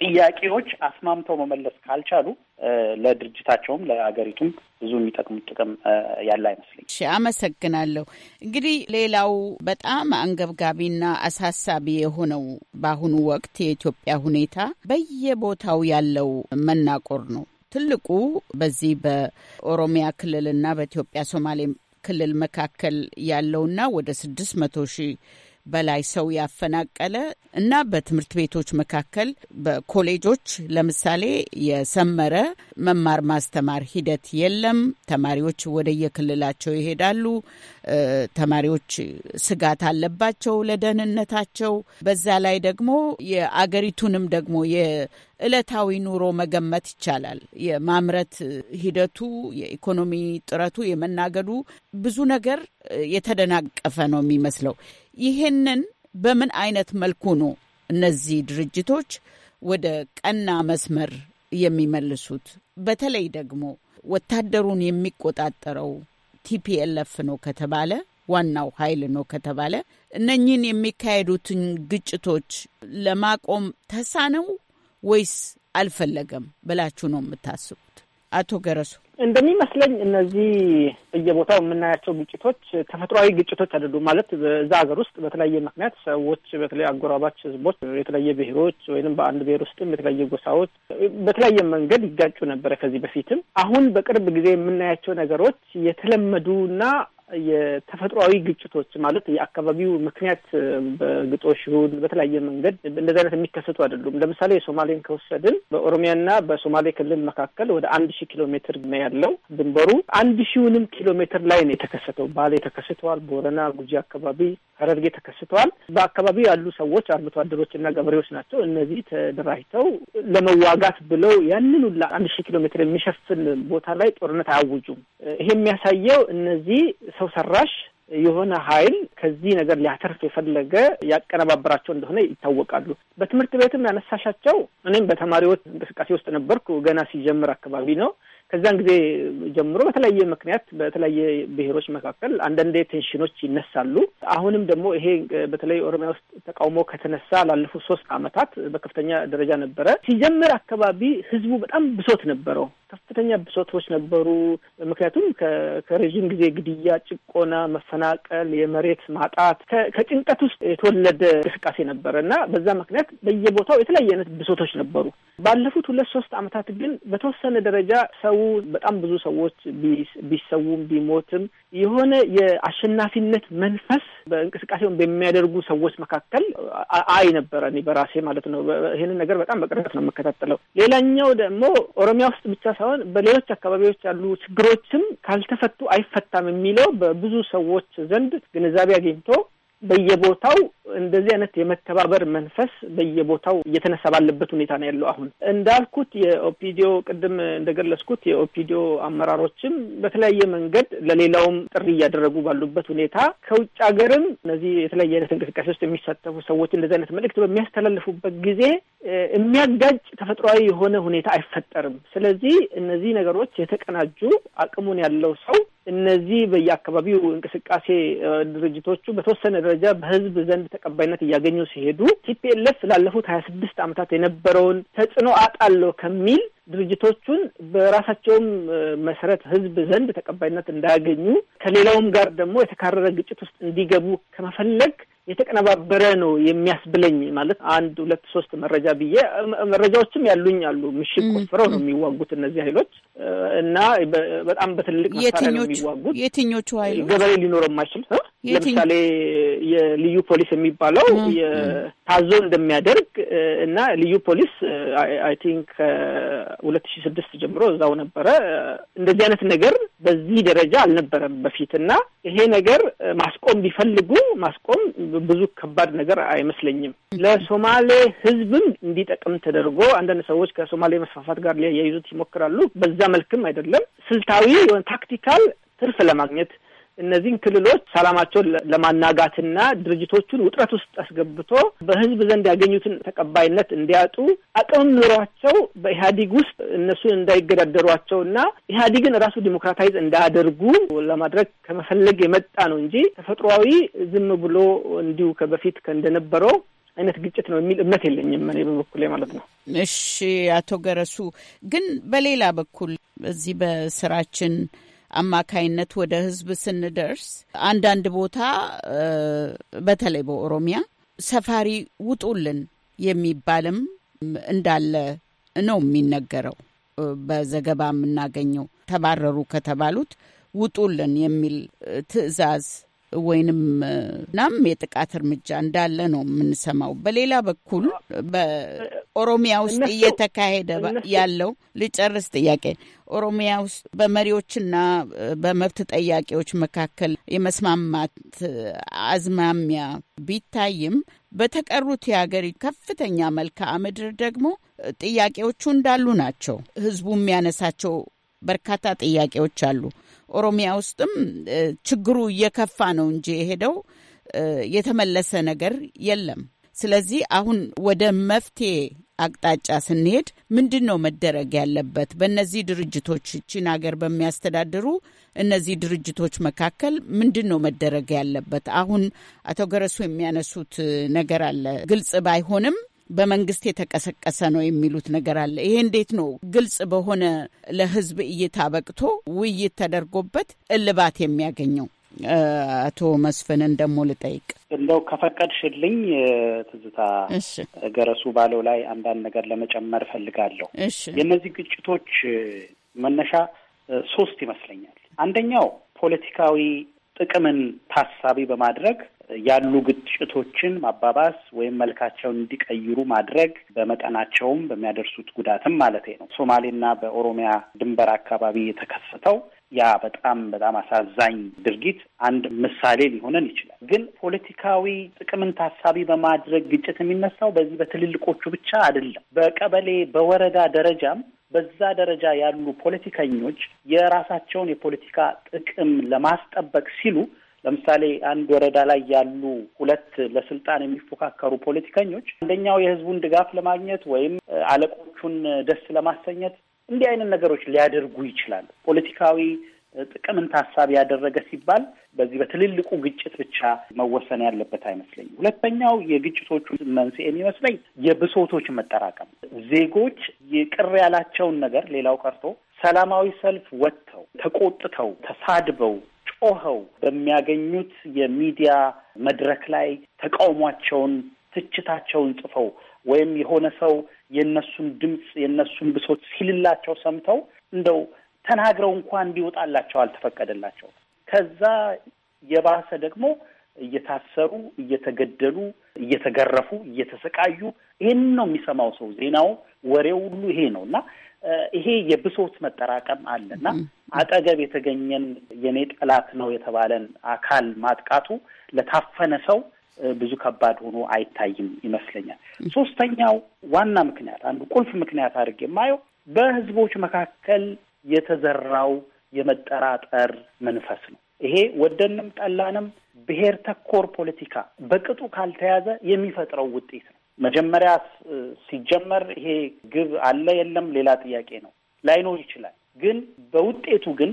ጥያቄዎች አስማምተው መመለስ ካልቻሉ ለድርጅታቸውም ለሀገሪቱም ብዙ የሚጠቅሙት ጥቅም ያለ አይመስለኝ።
አመሰግናለሁ። እንግዲህ ሌላው በጣም አንገብጋቢና አሳሳቢ የሆነው በአሁኑ ወቅት የኢትዮጵያ ሁኔታ በየቦታው ያለው መናቆር ነው። ትልቁ በዚህ በኦሮሚያ ክልልና በኢትዮጵያ ሶማሌ ክልል መካከል ያለውና ወደ ስድስት መቶ ሺህ በላይ ሰው ያፈናቀለ እና በትምህርት ቤቶች መካከል በኮሌጆች ለምሳሌ የሰመረ መማር ማስተማር ሂደት የለም። ተማሪዎች ወደየክልላቸው ይሄዳሉ። ተማሪዎች ስጋት አለባቸው ለደህንነታቸው። በዛ ላይ ደግሞ የአገሪቱንም ደግሞ የእለታዊ ኑሮ መገመት ይቻላል። የማምረት ሂደቱ፣ የኢኮኖሚ ጥረቱ፣ የመናገዱ ብዙ ነገር የተደናቀፈ ነው የሚመስለው። ይህንን በምን አይነት መልኩ ነው እነዚህ ድርጅቶች ወደ ቀና መስመር የሚመልሱት? በተለይ ደግሞ ወታደሩን የሚቆጣጠረው ቲፒኤልኤፍ ነው ከተባለ ዋናው ኃይል ነው ከተባለ እነኚህን የሚካሄዱትን ግጭቶች ለማቆም ተሳነው ወይስ አልፈለገም ብላችሁ ነው የምታስቡት? አቶ ገረሱ
እንደሚመስለኝ እነዚህ በየቦታው የምናያቸው ግጭቶች ተፈጥሯዊ ግጭቶች አይደሉም። ማለት በዛ ሀገር ውስጥ በተለያየ ምክንያት ሰዎች በተለይ አጎራባች ህዝቦች የተለያየ ብሔሮች ወይም በአንድ ብሔር ውስጥም የተለያየ ጎሳዎች በተለያየ መንገድ ይጋጩ ነበረ ከዚህ በፊትም። አሁን በቅርብ ጊዜ የምናያቸው ነገሮች የተለመዱና የተፈጥሯዊ ግጭቶች ማለት የአካባቢው ምክንያት በግጦሽ ይሁን በተለያየ መንገድ እንደዚህ አይነት የሚከሰቱ አይደሉም። ለምሳሌ የሶማሌን ከወሰድን በኦሮሚያና በሶማሌ ክልል መካከል ወደ አንድ ሺህ ኪሎ ሜትር ነው ያለው ድንበሩ። አንድ ሺውንም ኪሎ ሜትር ላይ ነው የተከሰተው። ባሌ ተከስተዋል፣ ቦረና ጉጂ አካባቢ ሐረርጌ ተከስተዋል። በአካባቢው ያሉ ሰዎች አርብቶ አደሮች እና ገበሬዎች ናቸው። እነዚህ ተደራጅተው ለመዋጋት ብለው ያንን ሁላ አንድ ሺህ ኪሎ ሜትር የሚሸፍን ቦታ ላይ ጦርነት አያውጁም። ይሄ የሚያሳየው እነዚህ ሰው ሰራሽ የሆነ ኃይል ከዚህ ነገር ሊያተርፍ የፈለገ ያቀነባበራቸው እንደሆነ ይታወቃሉ። በትምህርት ቤትም ያነሳሻቸው እኔም በተማሪዎች እንቅስቃሴ ውስጥ ነበርኩ ገና ሲጀምር አካባቢ ነው ከዛን ጊዜ ጀምሮ በተለያየ ምክንያት በተለያየ ብሔሮች መካከል አንዳንዴ ቴንሽኖች ይነሳሉ። አሁንም ደግሞ ይሄ በተለይ ኦሮሚያ ውስጥ ተቃውሞ ከተነሳ ላለፉት ሶስት አመታት በከፍተኛ ደረጃ ነበረ። ሲጀምር አካባቢ ህዝቡ በጣም ብሶት ነበረው። ከፍተኛ ብሶቶች ነበሩ። ምክንያቱም ከረዥም ጊዜ ግድያ፣ ጭቆና፣ መፈናቀል፣ የመሬት ማጣት ከጭንቀት ውስጥ የተወለደ እንቅስቃሴ ነበረ እና በዛ ምክንያት በየቦታው የተለያየ አይነት ብሶቶች ነበሩ። ባለፉት ሁለት ሶስት አመታት ግን በተወሰነ ደረጃ ሰው በጣም ብዙ ሰዎች ቢሰውም ቢሞትም የሆነ የአሸናፊነት መንፈስ በእንቅስቃሴውን በሚያደርጉ ሰዎች መካከል አይ ነበረ። እኔ በራሴ ማለት ነው። ይህንን ነገር በጣም በቅርበት ነው የምከታተለው። ሌላኛው ደግሞ ኦሮሚያ ውስጥ ብቻ ሳይሆን በሌሎች አካባቢዎች ያሉ ችግሮችም ካልተፈቱ አይፈታም የሚለው በብዙ ሰዎች ዘንድ ግንዛቤ አግኝቶ በየቦታው እንደዚህ አይነት የመተባበር መንፈስ በየቦታው እየተነሳ ባለበት ሁኔታ ነው ያለው። አሁን እንዳልኩት የኦፒዲዮ ቅድም እንደገለጽኩት የኦፒዲዮ አመራሮችም በተለያየ መንገድ ለሌላውም ጥሪ እያደረጉ ባሉበት ሁኔታ ከውጭ ሀገርም እነዚህ የተለያየ አይነት እንቅስቃሴ ውስጥ የሚሳተፉ ሰዎች እንደዚህ አይነት መልእክት በሚያስተላልፉበት ጊዜ የሚያጋጭ ተፈጥሯዊ የሆነ ሁኔታ አይፈጠርም። ስለዚህ እነዚህ ነገሮች የተቀናጁ አቅሙን ያለው ሰው እነዚህ በየአካባቢው እንቅስቃሴ ድርጅቶቹ በተወሰነ ደረጃ በህዝብ ዘንድ ተቀባይነት እያገኙ ሲሄዱ ቲፒኤልኤፍ ላለፉት ሀያ ስድስት ዓመታት የነበረውን ተጽዕኖ አጣለሁ ከሚል ድርጅቶቹን በራሳቸውም መሰረት ህዝብ ዘንድ ተቀባይነት እንዳያገኙ ከሌላውም ጋር ደግሞ የተካረረ ግጭት ውስጥ እንዲገቡ ከመፈለግ የተቀነባበረ ነው የሚያስብለኝ ማለት አንድ ሁለት ሶስት መረጃ ብዬ መረጃዎችም ያሉኝ አሉ። ምሽግ ቆፍረው ነው የሚዋጉት እነዚህ ኃይሎች እና በጣም በትልቅ መሳሪያ ነው
የሚዋጉት። የትኞቹ ኃይሎች ገበሬ
ሊኖረው የማይችል ለምሳሌ የልዩ ፖሊስ የሚባለው ታዞ እንደሚያደርግ እና ልዩ ፖሊስ አይ ቲንክ ከሁለት ሺ ስድስት ጀምሮ እዛው ነበረ። እንደዚህ አይነት ነገር በዚህ ደረጃ አልነበረም በፊት እና ይሄ ነገር ማስቆም ቢፈልጉ ማስቆም ብዙ ከባድ ነገር አይመስለኝም። ለሶማሌ ሕዝብም እንዲጠቅም ተደርጎ አንዳንድ ሰዎች ከሶማሌ መስፋፋት ጋር ሊያያይዙት ይሞክራሉ። በዛ መልክም አይደለም ስልታዊ የሆነ ታክቲካል ትርፍ ለማግኘት እነዚህን ክልሎች ሰላማቸውን ለማናጋትና ድርጅቶቹን ውጥረት ውስጥ አስገብቶ በህዝብ ዘንድ ያገኙትን ተቀባይነት እንዲያጡ አቅምም ኑሯቸው በኢህአዲግ ውስጥ እነሱን እንዳይገዳደሯቸውና ኢህአዲግን ራሱ ዲሞክራታይዝ እንዳያደርጉ ለማድረግ ከመፈለግ የመጣ ነው እንጂ ተፈጥሯዊ ዝም ብሎ እንዲሁ ከበፊት እንደነበረው አይነት ግጭት ነው የሚል እምነት የለኝም እኔ በበኩሌ
ማለት ነው። እሺ አቶ ገረሱ ግን በሌላ በኩል እዚህ በስራችን አማካይነት ወደ ህዝብ ስንደርስ አንዳንድ ቦታ በተለይ በኦሮሚያ ሰፋሪ ውጡልን የሚባልም እንዳለ ነው የሚነገረው። በዘገባ የምናገኘው ተባረሩ ከተባሉት ውጡልን የሚል ትዕዛዝ ወይንም ናም የጥቃት እርምጃ እንዳለ ነው የምንሰማው። በሌላ በኩል በኦሮሚያ ውስጥ እየተካሄደ ያለው ልጨርስ ጥያቄ ኦሮሚያ ውስጥ በመሪዎችና በመብት ጠያቂዎች መካከል የመስማማት አዝማሚያ ቢታይም በተቀሩት የሀገሪ ከፍተኛ መልክዓ ምድር ደግሞ ጥያቄዎቹ እንዳሉ ናቸው። ህዝቡ የሚያነሳቸው በርካታ ጥያቄዎች አሉ። ኦሮሚያ ውስጥም ችግሩ እየከፋ ነው እንጂ የሄደው የተመለሰ ነገር የለም። ስለዚህ አሁን ወደ መፍትሄ አቅጣጫ ስንሄድ ምንድን ነው መደረግ ያለበት? በእነዚህ ድርጅቶች እቺን ሀገር በሚያስተዳድሩ እነዚህ ድርጅቶች መካከል ምንድን ነው መደረግ ያለበት? አሁን አቶ ገረሱ የሚያነሱት ነገር አለ፣ ግልጽ ባይሆንም በመንግስት የተቀሰቀሰ ነው የሚሉት ነገር አለ። ይሄ እንዴት ነው ግልጽ በሆነ ለህዝብ እይታ በቅቶ ውይይት ተደርጎበት እልባት የሚያገኘው? አቶ መስፍንን ደግሞ ልጠይቅ እንደው ከፈቀድሽልኝ
ትዝታ ገረሱ ባለው ላይ አንዳንድ ነገር ለመጨመር እፈልጋለሁ። የእነዚህ ግጭቶች መነሻ ሶስት ይመስለኛል። አንደኛው ፖለቲካዊ ጥቅምን ታሳቢ በማድረግ ያሉ ግጭቶችን ማባባስ ወይም መልካቸውን እንዲቀይሩ ማድረግ በመጠናቸውም በሚያደርሱት ጉዳትም ማለት ነው። ሶማሌና በኦሮሚያ ድንበር አካባቢ የተከሰተው ያ በጣም በጣም አሳዛኝ ድርጊት አንድ ምሳሌ ሊሆነን ይችላል። ግን ፖለቲካዊ ጥቅምን ታሳቢ በማድረግ ግጭት የሚነሳው በዚህ በትልልቆቹ ብቻ አይደለም። በቀበሌ በወረዳ ደረጃም በዛ ደረጃ ያሉ ፖለቲከኞች የራሳቸውን የፖለቲካ ጥቅም ለማስጠበቅ ሲሉ ለምሳሌ አንድ ወረዳ ላይ ያሉ ሁለት ለስልጣን የሚፎካከሩ ፖለቲከኞች አንደኛው የህዝቡን ድጋፍ ለማግኘት ወይም አለቆቹን ደስ ለማሰኘት እንዲህ አይነት ነገሮች ሊያደርጉ ይችላል። ፖለቲካዊ ጥቅምን ታሳቢ ያደረገ ሲባል በዚህ በትልልቁ ግጭት ብቻ መወሰን ያለበት አይመስለኝም። ሁለተኛው የግጭቶቹ መንስኤ የሚመስለኝ የብሶቶች መጠራቀም፣ ዜጎች ቅር ያላቸውን ነገር ሌላው ቀርቶ ሰላማዊ ሰልፍ ወጥተው ተቆጥተው ተሳድበው ጮኸው በሚያገኙት የሚዲያ መድረክ ላይ ተቃውሟቸውን፣ ትችታቸውን ጽፈው ወይም የሆነ ሰው የእነሱን ድምፅ የእነሱን ብሶት ሲልላቸው ሰምተው እንደው ተናግረው እንኳን እንዲወጣላቸው አልተፈቀደላቸው። ከዛ የባሰ ደግሞ እየታሰሩ እየተገደሉ እየተገረፉ እየተሰቃዩ ይህን ነው የሚሰማው ሰው ዜናው፣ ወሬው ሁሉ ይሄ ነው እና ይሄ የብሶት መጠራቀም አለና አጠገብ የተገኘን የኔ ጠላት ነው የተባለን አካል ማጥቃቱ ለታፈነ ሰው ብዙ ከባድ ሆኖ አይታይም ይመስለኛል። ሶስተኛው ዋና ምክንያት አንዱ ቁልፍ ምክንያት አድርጌ የማየው በህዝቦች መካከል የተዘራው የመጠራጠር መንፈስ ነው። ይሄ ወደንም ጠላንም ብሔር ተኮር ፖለቲካ በቅጡ ካልተያዘ የሚፈጥረው ውጤት ነው። መጀመሪያ ሲጀመር ይሄ ግብ አለ የለም ሌላ ጥያቄ ነው፣ ላይኖር ይችላል። ግን በውጤቱ ግን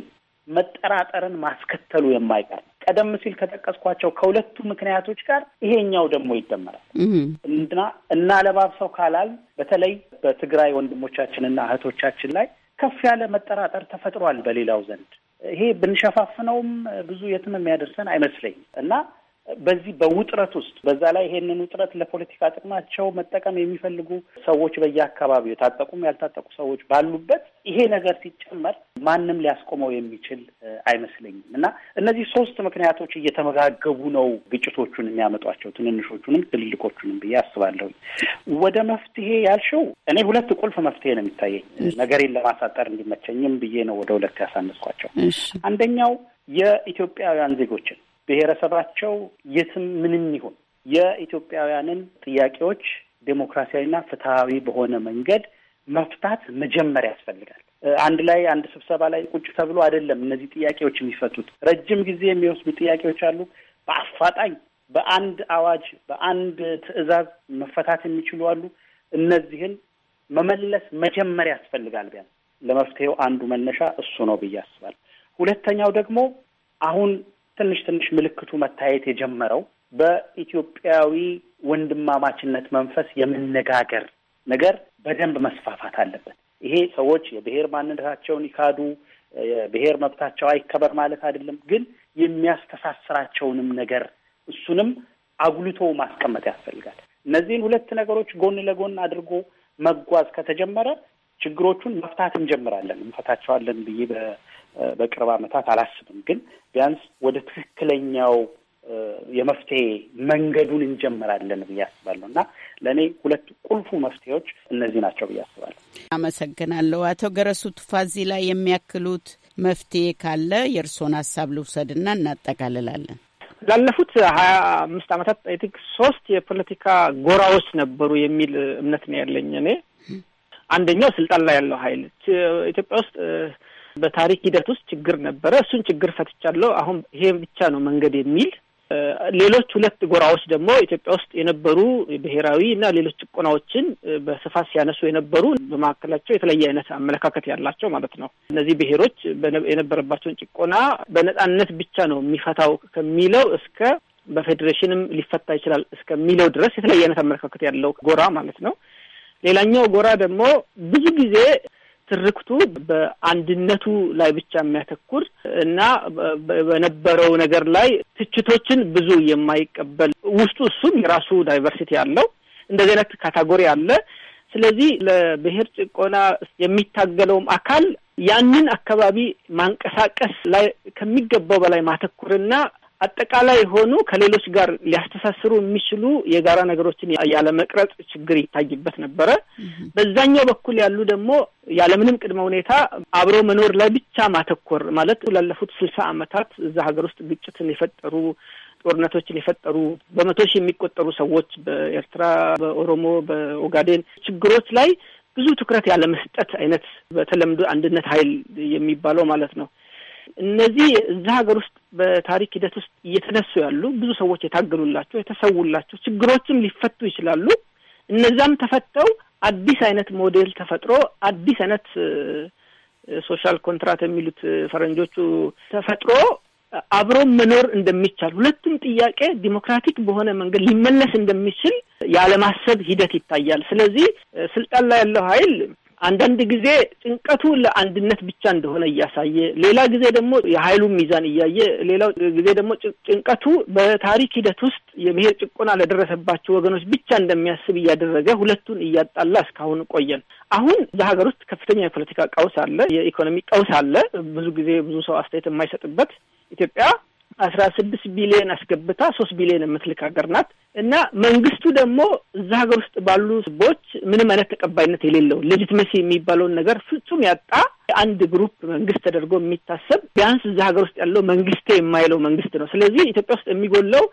መጠራጠርን ማስከተሉ የማይቀር ነው። ቀደም ሲል ከጠቀስኳቸው ከሁለቱ ምክንያቶች ጋር ይሄኛው ደግሞ ይደመራል እና እና ለባብሰው ካላል በተለይ በትግራይ ወንድሞቻችንና እህቶቻችን ላይ ከፍ ያለ መጠራጠር ተፈጥሯል በሌላው ዘንድ። ይሄ ብንሸፋፍነውም ብዙ የትም የሚያደርሰን አይመስለኝም እና በዚህ በውጥረት ውስጥ በዛ ላይ ይሄንን ውጥረት ለፖለቲካ ጥቅማቸው መጠቀም የሚፈልጉ ሰዎች በየአካባቢው የታጠቁም ያልታጠቁ ሰዎች ባሉበት ይሄ ነገር ሲጨመር ማንም ሊያስቆመው የሚችል አይመስለኝም እና እነዚህ ሶስት ምክንያቶች እየተመጋገቡ ነው ግጭቶቹን የሚያመጧቸው ትንንሾቹንም ትልልቆቹንም ብዬ አስባለሁ ወደ መፍትሄ ያልሽው እኔ ሁለት ቁልፍ መፍትሄ ነው የሚታየኝ ነገሬን ለማሳጠር እንዲመቸኝም ብዬ ነው ወደ ሁለት ያሳነስኳቸው። አንደኛው የኢትዮጵያውያን ዜጎችን ብሔረሰባቸው የትም ምንም ይሁን የኢትዮጵያውያንን ጥያቄዎች ዴሞክራሲያዊና ፍትሐዊ በሆነ መንገድ መፍታት መጀመሪያ ያስፈልጋል። አንድ ላይ አንድ ስብሰባ ላይ ቁጭ ተብሎ አይደለም እነዚህ ጥያቄዎች የሚፈቱት። ረጅም ጊዜ የሚወስዱ ጥያቄዎች አሉ። በአፋጣኝ በአንድ አዋጅ በአንድ ትዕዛዝ መፈታት የሚችሉ አሉ። እነዚህን መመለስ መጀመሪያ ያስፈልጋል። ቢያንስ ለመፍትሄው አንዱ መነሻ እሱ ነው ብዬ አስባለሁ። ሁለተኛው ደግሞ አሁን ትንሽ ትንሽ ምልክቱ መታየት የጀመረው በኢትዮጵያዊ ወንድማማችነት መንፈስ የመነጋገር ነገር በደንብ መስፋፋት አለበት። ይሄ ሰዎች የብሔር ማንነታቸውን ይካዱ፣ የብሔር መብታቸው አይከበር ማለት አይደለም፣ ግን የሚያስተሳስራቸውንም ነገር እሱንም አጉልቶ ማስቀመጥ ያስፈልጋል። እነዚህን ሁለት ነገሮች ጎን ለጎን አድርጎ መጓዝ ከተጀመረ ችግሮቹን መፍታት እንጀምራለን፣ እንፈታቸዋለን ብዬ በቅርብ ዓመታት አላስብም። ግን ቢያንስ ወደ ትክክለኛው የመፍትሄ መንገዱን እንጀምራለን ብዬ አስባለሁ እና ለእኔ ሁለት ቁልፉ መፍትሄዎች እነዚህ ናቸው ብዬ አስባለሁ።
አመሰግናለሁ። አቶ ገረሱ ቱፋ እዚህ ላይ የሚያክሉት መፍትሄ ካለ የእርስዎን ሀሳብ ልውሰድና እናጠቃልላለን። ላለፉት
ሀያ አምስት ዓመታት አይ ቲንክ ሶስት የፖለቲካ ጎራዎች ነበሩ የሚል እምነት ነው ያለኝ እኔ። አንደኛው ስልጣን ላይ ያለው ኃይል ኢትዮጵያ ውስጥ በታሪክ ሂደት ውስጥ ችግር ነበረ። እሱን ችግር ፈትቻለሁ፣ አሁን ይሄ ብቻ ነው መንገድ የሚል ሌሎች ሁለት ጎራዎች ደግሞ ኢትዮጵያ ውስጥ የነበሩ ብሔራዊ እና ሌሎች ጭቆናዎችን በስፋት ሲያነሱ የነበሩ በመካከላቸው የተለያየ አይነት አመለካከት ያላቸው ማለት ነው። እነዚህ ብሔሮች የነበረባቸውን ጭቆና በነጻነት ብቻ ነው የሚፈታው ከሚለው እስከ በፌዴሬሽንም ሊፈታ ይችላል እስከሚለው ድረስ የተለያየ አይነት አመለካከት ያለው ጎራ ማለት ነው። ሌላኛው ጎራ ደግሞ ብዙ ጊዜ ትርክቱ በአንድነቱ ላይ ብቻ የሚያተኩር እና በነበረው ነገር ላይ ትችቶችን ብዙ የማይቀበል ውስጡ እሱም የራሱ ዳይቨርሲቲ አለው። እንደዚህ አይነት ካታጎሪ አለ። ስለዚህ ለብሔር ጭቆና የሚታገለውም አካል ያንን አካባቢ ማንቀሳቀስ ላይ ከሚገባው በላይ ማተኩርና አጠቃላይ ሆኖ ከሌሎች ጋር ሊያስተሳስሩ የሚችሉ የጋራ ነገሮችን ያለመቅረጽ ችግር ይታይበት ነበረ። በዛኛው በኩል ያሉ ደግሞ ያለምንም ቅድመ ሁኔታ አብሮ መኖር ላይ ብቻ ማተኮር ማለት ላለፉት ስልሳ አመታት እዛ ሀገር ውስጥ ግጭትን የፈጠሩ ጦርነቶችን የፈጠሩ በመቶ ሺህ የሚቆጠሩ ሰዎች በኤርትራ፣ በኦሮሞ፣ በኦጋዴን ችግሮች ላይ ብዙ ትኩረት ያለመስጠት አይነት በተለምዶ አንድነት ኃይል የሚባለው ማለት ነው። እነዚህ እዛ ሀገር ውስጥ በታሪክ ሂደት ውስጥ እየተነሱ ያሉ ብዙ ሰዎች የታገሉላቸው የተሰውላቸው ችግሮችም ሊፈቱ ይችላሉ። እነዛም ተፈተው አዲስ አይነት ሞዴል ተፈጥሮ አዲስ አይነት ሶሻል ኮንትራት የሚሉት ፈረንጆቹ ተፈጥሮ አብሮ መኖር እንደሚቻል ሁለቱም ጥያቄ ዲሞክራቲክ በሆነ መንገድ ሊመለስ እንደሚችል ያለማሰብ ሂደት ይታያል። ስለዚህ ስልጣን ላይ ያለው ኃይል አንዳንድ ጊዜ ጭንቀቱ ለአንድነት ብቻ እንደሆነ እያሳየ፣ ሌላ ጊዜ ደግሞ የኃይሉን ሚዛን እያየ፣ ሌላው ጊዜ ደግሞ ጭንቀቱ በታሪክ ሂደት ውስጥ የብሔር ጭቆና ለደረሰባቸው ወገኖች ብቻ እንደሚያስብ እያደረገ ሁለቱን እያጣላ እስካሁን ቆየን። አሁን በሀገር ውስጥ ከፍተኛ የፖለቲካ ቀውስ አለ፣ የኢኮኖሚ ቀውስ አለ። ብዙ ጊዜ ብዙ ሰው አስተያየት የማይሰጥበት ኢትዮጵያ አስራ ስድስት ቢሊዮን አስገብታ ሶስት ቢሊዮን የምትልክ ሀገር ናት እና መንግስቱ ደግሞ እዛ ሀገር ውስጥ ባሉ ህዝቦች ምንም አይነት ተቀባይነት የሌለው ሌጂትመሲ የሚባለውን ነገር ፍጹም ያጣ የአንድ ግሩፕ መንግስት ተደርጎ የሚታሰብ ቢያንስ እዛ ሀገር ውስጥ ያለው መንግስቴ የማይለው መንግስት ነው። ስለዚህ ኢትዮጵያ ውስጥ የሚጎለው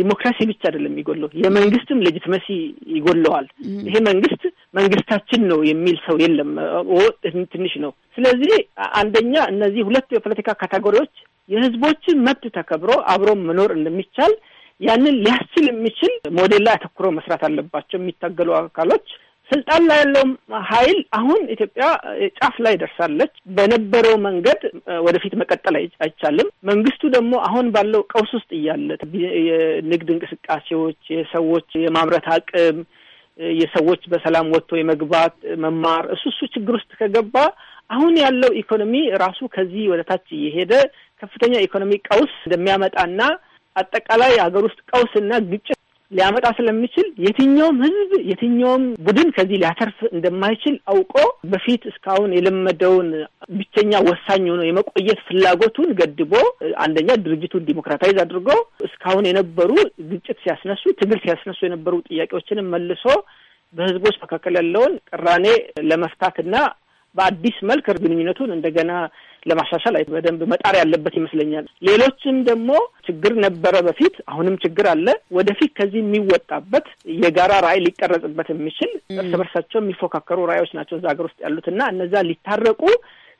ዲሞክራሲ ብቻ አይደለም የሚጎለው የመንግስትም ሌጂትመሲ ይጎለዋል። ይሄ መንግስት መንግስታችን ነው የሚል ሰው የለም፣ ትንሽ ነው። ስለዚህ አንደኛ እነዚህ ሁለቱ የፖለቲካ ካታጎሪዎች የህዝቦችን መብት ተከብሮ አብሮ መኖር እንደሚቻል ያንን ሊያስችል የሚችል ሞዴል ላይ አተኩሮ መስራት አለባቸው የሚታገሉ አካሎች። ስልጣን ላይ ያለውም ሀይል አሁን ኢትዮጵያ ጫፍ ላይ ደርሳለች። በነበረው መንገድ ወደፊት መቀጠል አይቻልም። መንግስቱ ደግሞ አሁን ባለው ቀውስ ውስጥ እያለ የንግድ እንቅስቃሴዎች፣ የሰዎች የማምረት አቅም፣ የሰዎች በሰላም ወጥቶ የመግባት መማር፣ እሱ እሱ ችግር ውስጥ ከገባ አሁን ያለው ኢኮኖሚ ራሱ ከዚህ ወደ ታች እየሄደ ከፍተኛ ኢኮኖሚ ቀውስ እንደሚያመጣና አጠቃላይ ሀገር ውስጥ ቀውስና ግጭት ሊያመጣ ስለሚችል የትኛውም ህዝብ የትኛውም ቡድን ከዚህ ሊያተርፍ እንደማይችል አውቆ በፊት እስካሁን የለመደውን ብቸኛ ወሳኝ ሆኖ የመቆየት ፍላጎቱን ገድቦ አንደኛ ድርጅቱን ዲሞክራታይዝ አድርጎ እስካሁን የነበሩ ግጭት ሲያስነሱ፣ ትግል ሲያስነሱ የነበሩ ጥያቄዎችንም መልሶ በህዝቦች መካከል ያለውን ቅራኔ ለመፍታትና በአዲስ መልክ ግንኙነቱን እንደገና ለማሻሻል በደንብ መጣር ያለበት ይመስለኛል። ሌሎችም ደግሞ ችግር ነበረ በፊት፣ አሁንም ችግር አለ። ወደፊት ከዚህ የሚወጣበት የጋራ ራዕይ ሊቀረጽበት የሚችል እርስ በርሳቸው የሚፎካከሩ ራዕዮች ናቸው እዛ ሀገር ውስጥ ያሉት እና እነዛ ሊታረቁ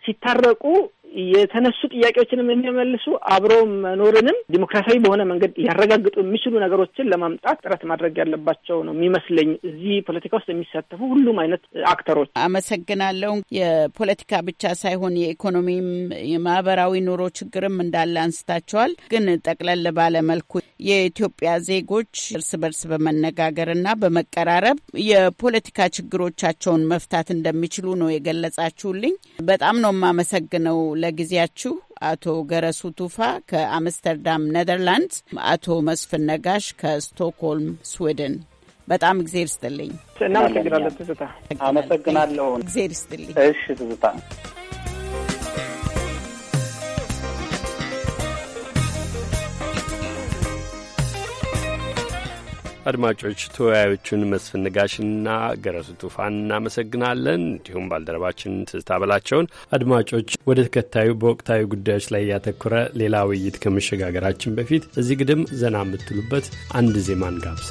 ሲታረቁ የተነሱ ጥያቄዎችንም የሚመልሱ አብሮ መኖርንም ዲሞክራሲያዊ በሆነ መንገድ ሊያረጋግጡ የሚችሉ ነገሮችን ለማምጣት ጥረት ማድረግ ያለባቸው
ነው የሚመስለኝ እዚህ ፖለቲካ ውስጥ የሚሳተፉ ሁሉም አይነት አክተሮች። አመሰግናለሁ። የፖለቲካ ብቻ ሳይሆን የኢኮኖሚም የማህበራዊ ኑሮ ችግርም እንዳለ አንስታቸዋል። ግን ጠቅለል ባለመልኩ የኢትዮጵያ ዜጎች እርስ በርስ በመነጋገርና በመቀራረብ የፖለቲካ ችግሮቻቸውን መፍታት እንደሚችሉ ነው የገለጻችሁልኝ። በጣም ነው የማመሰግነው። ለጊዜያችሁ አቶ ገረሱ ቱፋ ከአምስተርዳም ኔዘርላንድስ፣ አቶ መስፍን ነጋሽ ከስቶክሆልም ስዊድን በጣም እግዜር ይስጥልኝ። እናመሰግናለን ትዝታ። አመሰግናለሁ። እግዜር ይስጥልኝ። እሺ ትዝታ
አድማጮች ተወያዮቹን መስፍን ነጋሽና ገረሱ ቱፋን እናመሰግናለን። እንዲሁም ባልደረባችን ትዝታ በላቸውን። አድማጮች ወደ ተከታዩ በወቅታዊ ጉዳዮች ላይ ያተኮረ ሌላ ውይይት ከመሸጋገራችን በፊት እዚህ ግድም ዘና የምትሉበት አንድ ዜማን ጋብዘ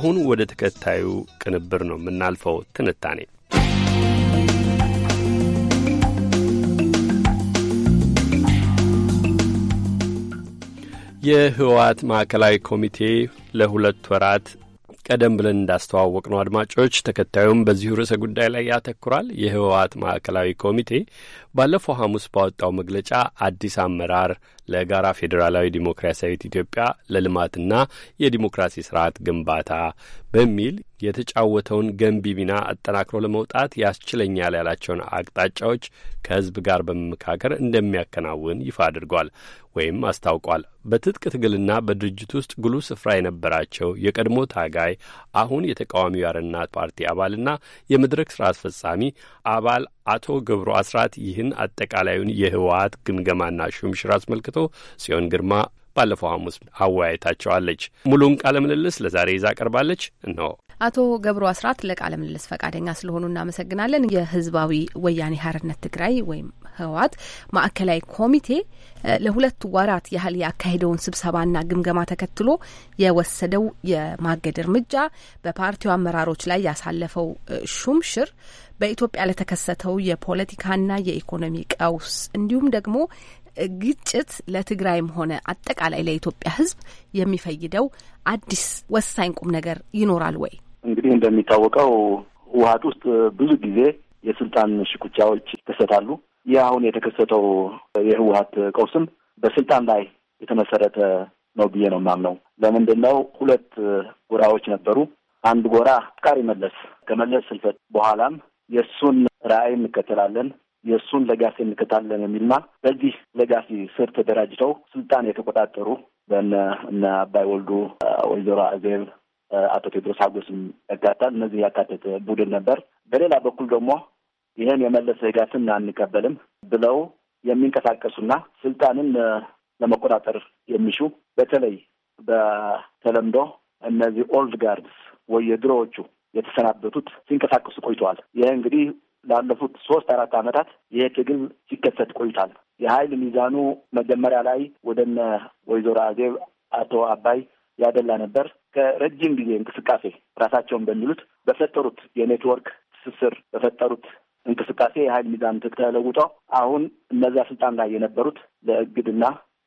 አሁን ወደ ተከታዩ ቅንብር ነው የምናልፈው። ትንታኔ የህወሓት ማዕከላዊ ኮሚቴ ለሁለት ወራት ቀደም ብለን እንዳስተዋወቅ ነው አድማጮች፣ ተከታዩም በዚሁ ርዕሰ ጉዳይ ላይ ያተኩራል። የህወሓት ማዕከላዊ ኮሚቴ ባለፈው ሐሙስ ባወጣው መግለጫ አዲስ አመራር ለጋራ ፌዴራላዊ ዲሞክራሲያዊት ኢትዮጵያ ለልማትና የዲሞክራሲ ስርዓት ግንባታ በሚል የተጫወተውን ገንቢ ሚና አጠናክሮ ለመውጣት ያስችለኛል ያላቸውን አቅጣጫዎች ከሕዝብ ጋር በመመካከር እንደሚያከናውን ይፋ አድርጓል ወይም አስታውቋል። በትጥቅ ትግልና በድርጅት ውስጥ ጉልህ ስፍራ የነበራቸው የቀድሞ ታጋይ አሁን የተቃዋሚው አረና ፓርቲ አባልና የመድረክ ስራ አስፈጻሚ አባል አቶ ገብሩ አስራት ይህ ይህን አጠቃላዩን የህወሀት ግምገማና ሹምሽር አስመልክቶ ጽዮን ግርማ ባለፈው ሐሙስ አወያይታቸዋለች። ሙሉን ቃለ ምልልስ ለዛሬ ይዛ ቀርባለች ነው።
አቶ ገብሩ አስራት ለቃለ ምልልስ ፈቃደኛ ስለሆኑ እናመሰግናለን። የህዝባዊ ወያኔ ሀርነት ትግራይ ወይም ህወሓት ማዕከላዊ ኮሚቴ ለሁለት ወራት ያህል ያካሄደውን ስብሰባና ግምገማ ተከትሎ የወሰደው የማገድ እርምጃ፣ በፓርቲው አመራሮች ላይ ያሳለፈው ሹምሽር በኢትዮጵያ ለተከሰተው የፖለቲካና የኢኮኖሚ ቀውስ እንዲሁም ደግሞ ግጭት ለትግራይም ሆነ አጠቃላይ ለኢትዮጵያ ሕዝብ የሚፈይደው አዲስ ወሳኝ ቁም ነገር ይኖራል ወይ?
እንግዲህ እንደሚታወቀው ህወሀት ውስጥ ብዙ ጊዜ የስልጣን ሽኩቻዎች ይከሰታሉ። ይህ አሁን የተከሰተው የህወሀት ቀውስም በስልጣን ላይ የተመሰረተ ነው ብዬ ነው የማምነው። ለምንድን ነው ሁለት ጎራዎች ነበሩ። አንድ ጎራ አፍቃሪ መለስ ከመለስ ስልፈት በኋላም የእሱን ራዕይ እንከተላለን የእሱን ለጋሴ እንከታለን የሚልና በዚህ ለጋሲ ስር ተደራጅተው ስልጣን የተቆጣጠሩ በነ እነ አባይ ወልዱ፣ ወይዘሮ አዜብ፣ አቶ ቴድሮስ ሀጎስም ያካታል። እነዚህ ያካተተ ቡድን ነበር። በሌላ በኩል ደግሞ ይህን የመለሰ ህጋትን አንቀበልም ብለው የሚንቀሳቀሱና ስልጣንን ለመቆጣጠር የሚሹ በተለይ በተለምዶ እነዚህ ኦልድ ጋርድስ ወይ የድሮዎቹ የተሰናበቱት ሲንቀሳቀሱ ቆይተዋል። ይህ እንግዲህ ላለፉት ሶስት አራት ዓመታት ይሄ ትግል ሲከሰት ቆይቷል። የኃይል ሚዛኑ መጀመሪያ ላይ ወደነ ወይዘሮ አዜብ አቶ አባይ ያደላ ነበር። ከረጅም ጊዜ እንቅስቃሴ ራሳቸውን በሚሉት በፈጠሩት የኔትወርክ ትስስር በፈጠሩት እንቅስቃሴ የኃይል ሚዛን ተለውጠው አሁን እነዛ ስልጣን ላይ የነበሩት ለእግድና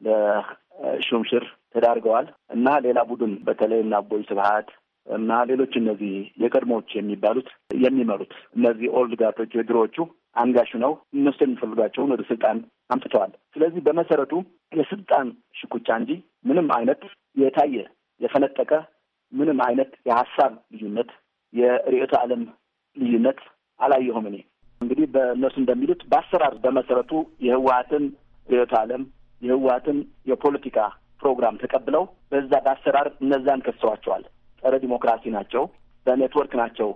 ለሹምሽር ተዳርገዋል እና ሌላ ቡድን በተለይ እና አቦይ ስብሀት እና ሌሎች እነዚህ የቀድሞዎች የሚባሉት የሚመሩት እነዚህ ኦልድ ጋርዶች የድሮዎቹ አንጋሽ ነው። እነሱ የሚፈልጋቸውን ወደ ስልጣን አምጥተዋል። ስለዚህ በመሰረቱ የስልጣን ሽኩቻ እንጂ ምንም አይነት የታየ የፈነጠቀ ምንም አይነት የሀሳብ ልዩነት፣ የርዕዮተ ዓለም ልዩነት አላየሁም። እኔ እንግዲህ በእነሱ እንደሚሉት በአሰራር በመሰረቱ የህወሀትን ርዕዮተ ዓለም የህወሀትን የፖለቲካ ፕሮግራም ተቀብለው በዛ በአሰራር እነዛን ከሰዋቸዋል። ጸረ ዲሞክራሲ ናቸው። በኔትወርክ ናቸው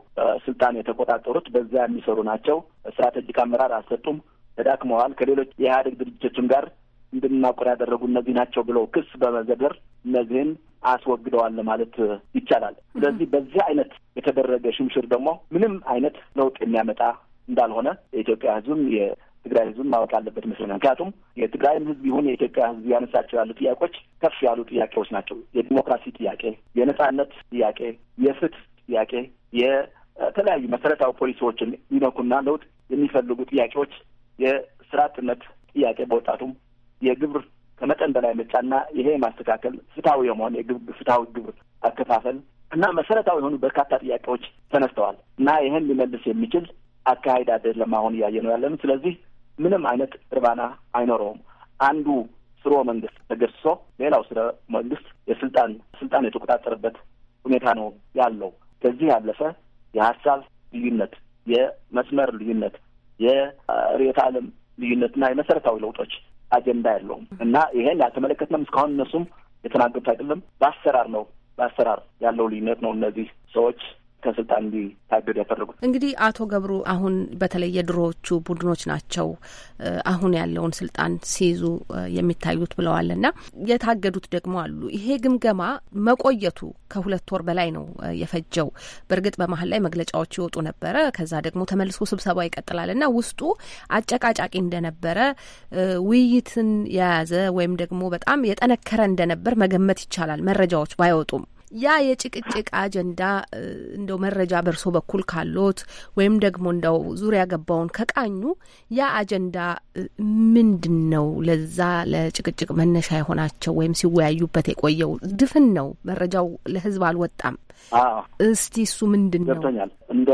ስልጣን የተቆጣጠሩት። በዛ የሚሰሩ ናቸው። ስትራቴጂክ አመራር አልሰጡም። ተዳክመዋል። ከሌሎች የኢህአዴግ ድርጅቶችም ጋር እንድናቆር ያደረጉ እነዚህ ናቸው ብለው ክስ በመዘደር እነዚህን አስወግደዋል ማለት ይቻላል። ስለዚህ በዚህ አይነት የተደረገ ሽምሽር ደግሞ ምንም አይነት ለውጥ የሚያመጣ እንዳልሆነ የኢትዮጵያ ሕዝብም ትግራይ ህዝብን ማወቅ አለበት ይመስለኛል። ምክንያቱም የትግራይም ህዝብ ይሁን የኢትዮጵያ ህዝብ ያነሳቸው ያሉ ጥያቄዎች ከፍ ያሉ ጥያቄዎች ናቸው። የዲሞክራሲ ጥያቄ፣ የነጻነት ጥያቄ፣ የፍትህ ጥያቄ፣ የተለያዩ መሰረታዊ ፖሊሲዎችን ሊነኩና ለውጥ የሚፈልጉ ጥያቄዎች፣ የስራ አጥነት ጥያቄ በወጣቱም የግብር ከመጠን በላይ መጫና፣ ይሄ ማስተካከል፣ ፍትሐዊ የመሆን ፍትሐዊ ግብር አከፋፈል እና መሰረታዊ የሆኑ በርካታ ጥያቄዎች ተነስተዋል እና ይህን ሊመልስ የሚችል አካሄድ አይደለም አሁን እያየ ነው ያለን። ስለዚህ ምንም አይነት እርባና አይኖረውም። አንዱ ስርወ መንግስት ተገስሶ ሌላው ስርወ መንግስት የስልጣን ስልጣን የተቆጣጠረበት ሁኔታ ነው ያለው። ከዚህ ያለፈ የሀሳብ ልዩነት፣ የመስመር ልዩነት፣ የርዕዮተ ዓለም ልዩነትና የመሰረታዊ ለውጦች አጀንዳ ያለውም። እና ይሄን ያልተመለከትንም እስካሁን እነሱም የተናገሩት አይደለም። በአሰራር ነው በአሰራር ያለው ልዩነት ነው እነዚህ ሰዎች ከስልጣን እንዲታገዱ ያደረጉት።
እንግዲህ አቶ ገብሩ አሁን በተለይ የድሮዎቹ ቡድኖች ናቸው አሁን ያለውን ስልጣን ሲይዙ የሚታዩት ብለዋል እና የታገዱት ደግሞ አሉ። ይሄ ግምገማ መቆየቱ ከሁለት ወር በላይ ነው የፈጀው። በእርግጥ በመሀል ላይ መግለጫዎች ይወጡ ነበረ። ከዛ ደግሞ ተመልሶ ስብሰባ ይቀጥላል እና ውስጡ አጨቃጫቂ እንደነበረ ውይይትን የያዘ ወይም ደግሞ በጣም የጠነከረ እንደነበር መገመት ይቻላል መረጃዎች ባይወጡም ያ የጭቅጭቅ አጀንዳ እንደው መረጃ በእርሶ በኩል ካሎት ወይም ደግሞ እንደው ዙሪያ ገባውን ከቃኙ ያ አጀንዳ ምንድን ነው? ለዛ ለጭቅጭቅ መነሻ የሆናቸው ወይም ሲወያዩበት የቆየው ድፍን ነው፣ መረጃው ለህዝብ አልወጣም። እስቲ እሱ ምንድን ነው? ገብቶኛል።
እንደ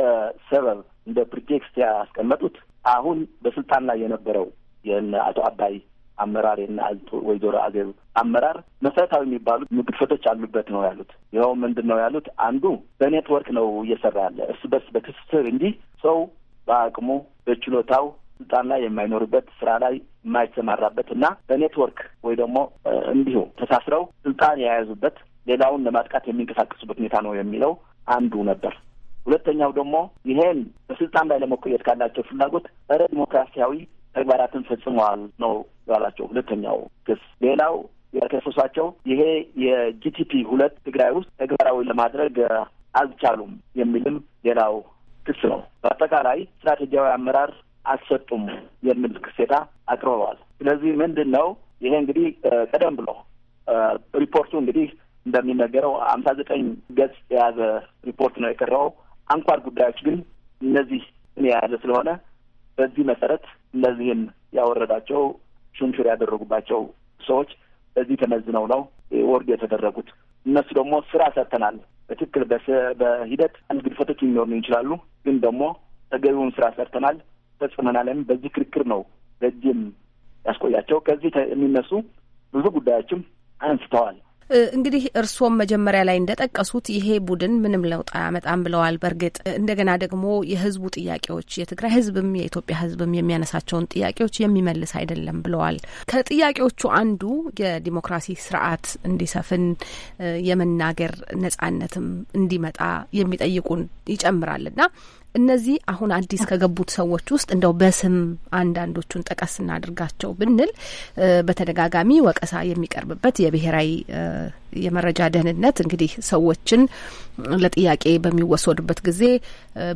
ሰበብ እንደ ፕሪቴክስት ያስቀመጡት አሁን በስልጣን ላይ የነበረው የነ አቶ አባይ አመራር የእነ ወይዘሮ አገሩ አመራር መሰረታዊ የሚባሉት ምግድፈቶች አሉበት ነው ያሉት። ይኸው ምንድን ነው ያሉት? አንዱ በኔትወርክ ነው እየሰራ ያለ እርስ በርስ በትስስር እንጂ ሰው በአቅሙ በችሎታው ስልጣን ላይ የማይኖርበት ስራ ላይ የማይሰማራበት እና በኔትወርክ ወይ ደግሞ እንዲሁ ተሳስረው ስልጣን የያዙበት ሌላውን ለማጥቃት የሚንቀሳቀሱበት ሁኔታ ነው የሚለው አንዱ ነበር። ሁለተኛው ደግሞ ይሄን በስልጣን ላይ ለመቆየት ካላቸው ፍላጎት ረ ዲሞክራሲያዊ ተግባራትን ፈጽመዋል ነው ያላቸው። ሁለተኛው ክስ ሌላው የከሰሷቸው ይሄ የጂቲፒ ሁለት ትግራይ ውስጥ ተግባራዊ ለማድረግ አልቻሉም የሚልም ሌላው ክስ ነው። በአጠቃላይ ስትራቴጂያዊ አመራር አልሰጡም የሚል ክሴታ አቅርበዋል። ስለዚህ ምንድን ነው ይሄ እንግዲህ ቀደም ብሎ ሪፖርቱ እንግዲህ እንደሚነገረው አምሳ ዘጠኝ ገጽ የያዘ ሪፖርት ነው የቀረበው። አንኳር ጉዳዮች ግን እነዚህ የያዘ ስለሆነ በዚህ መሰረት እነዚህን ያወረዳቸው ሹምሹር ያደረጉባቸው ሰዎች በዚህ ተመዝነው ነው ወርድ የተደረጉት። እነሱ ደግሞ ስራ ሰጥተናል። በትክክል በሂደት አንድ ግድፈቶች ይችላሉ፣ ግን ደግሞ ተገቢውን ስራ ሰርተናል ፈጽመናልም። በዚህ ክርክር ነው ረጅም ያስቆያቸው። ከዚህ የሚነሱ ብዙ ጉዳዮችም አንስተዋል።
እንግዲህ እርስዎም መጀመሪያ ላይ እንደጠቀሱት ይሄ ቡድን ምንም ለውጥ አያመጣም ብለዋል። በእርግጥ እንደገና ደግሞ የህዝቡ ጥያቄዎች የትግራይ ህዝብም የኢትዮጵያ ህዝብም የሚያነሳቸውን ጥያቄዎች የሚመልስ አይደለም ብለዋል። ከጥያቄዎቹ አንዱ የዲሞክራሲ ስርዓት እንዲሰፍን፣ የመናገር ነጻነትም እንዲመጣ የሚጠይቁን ይጨምራል ና። እነዚህ አሁን አዲስ ከገቡት ሰዎች ውስጥ እንደው በስም አንዳንዶቹን ጠቀስ እናድርጋቸው ብንል በተደጋጋሚ ወቀሳ የሚቀርብበት የብሔራዊ የመረጃ ደህንነት እንግዲህ ሰዎችን ለጥያቄ በሚወሰዱበት ጊዜ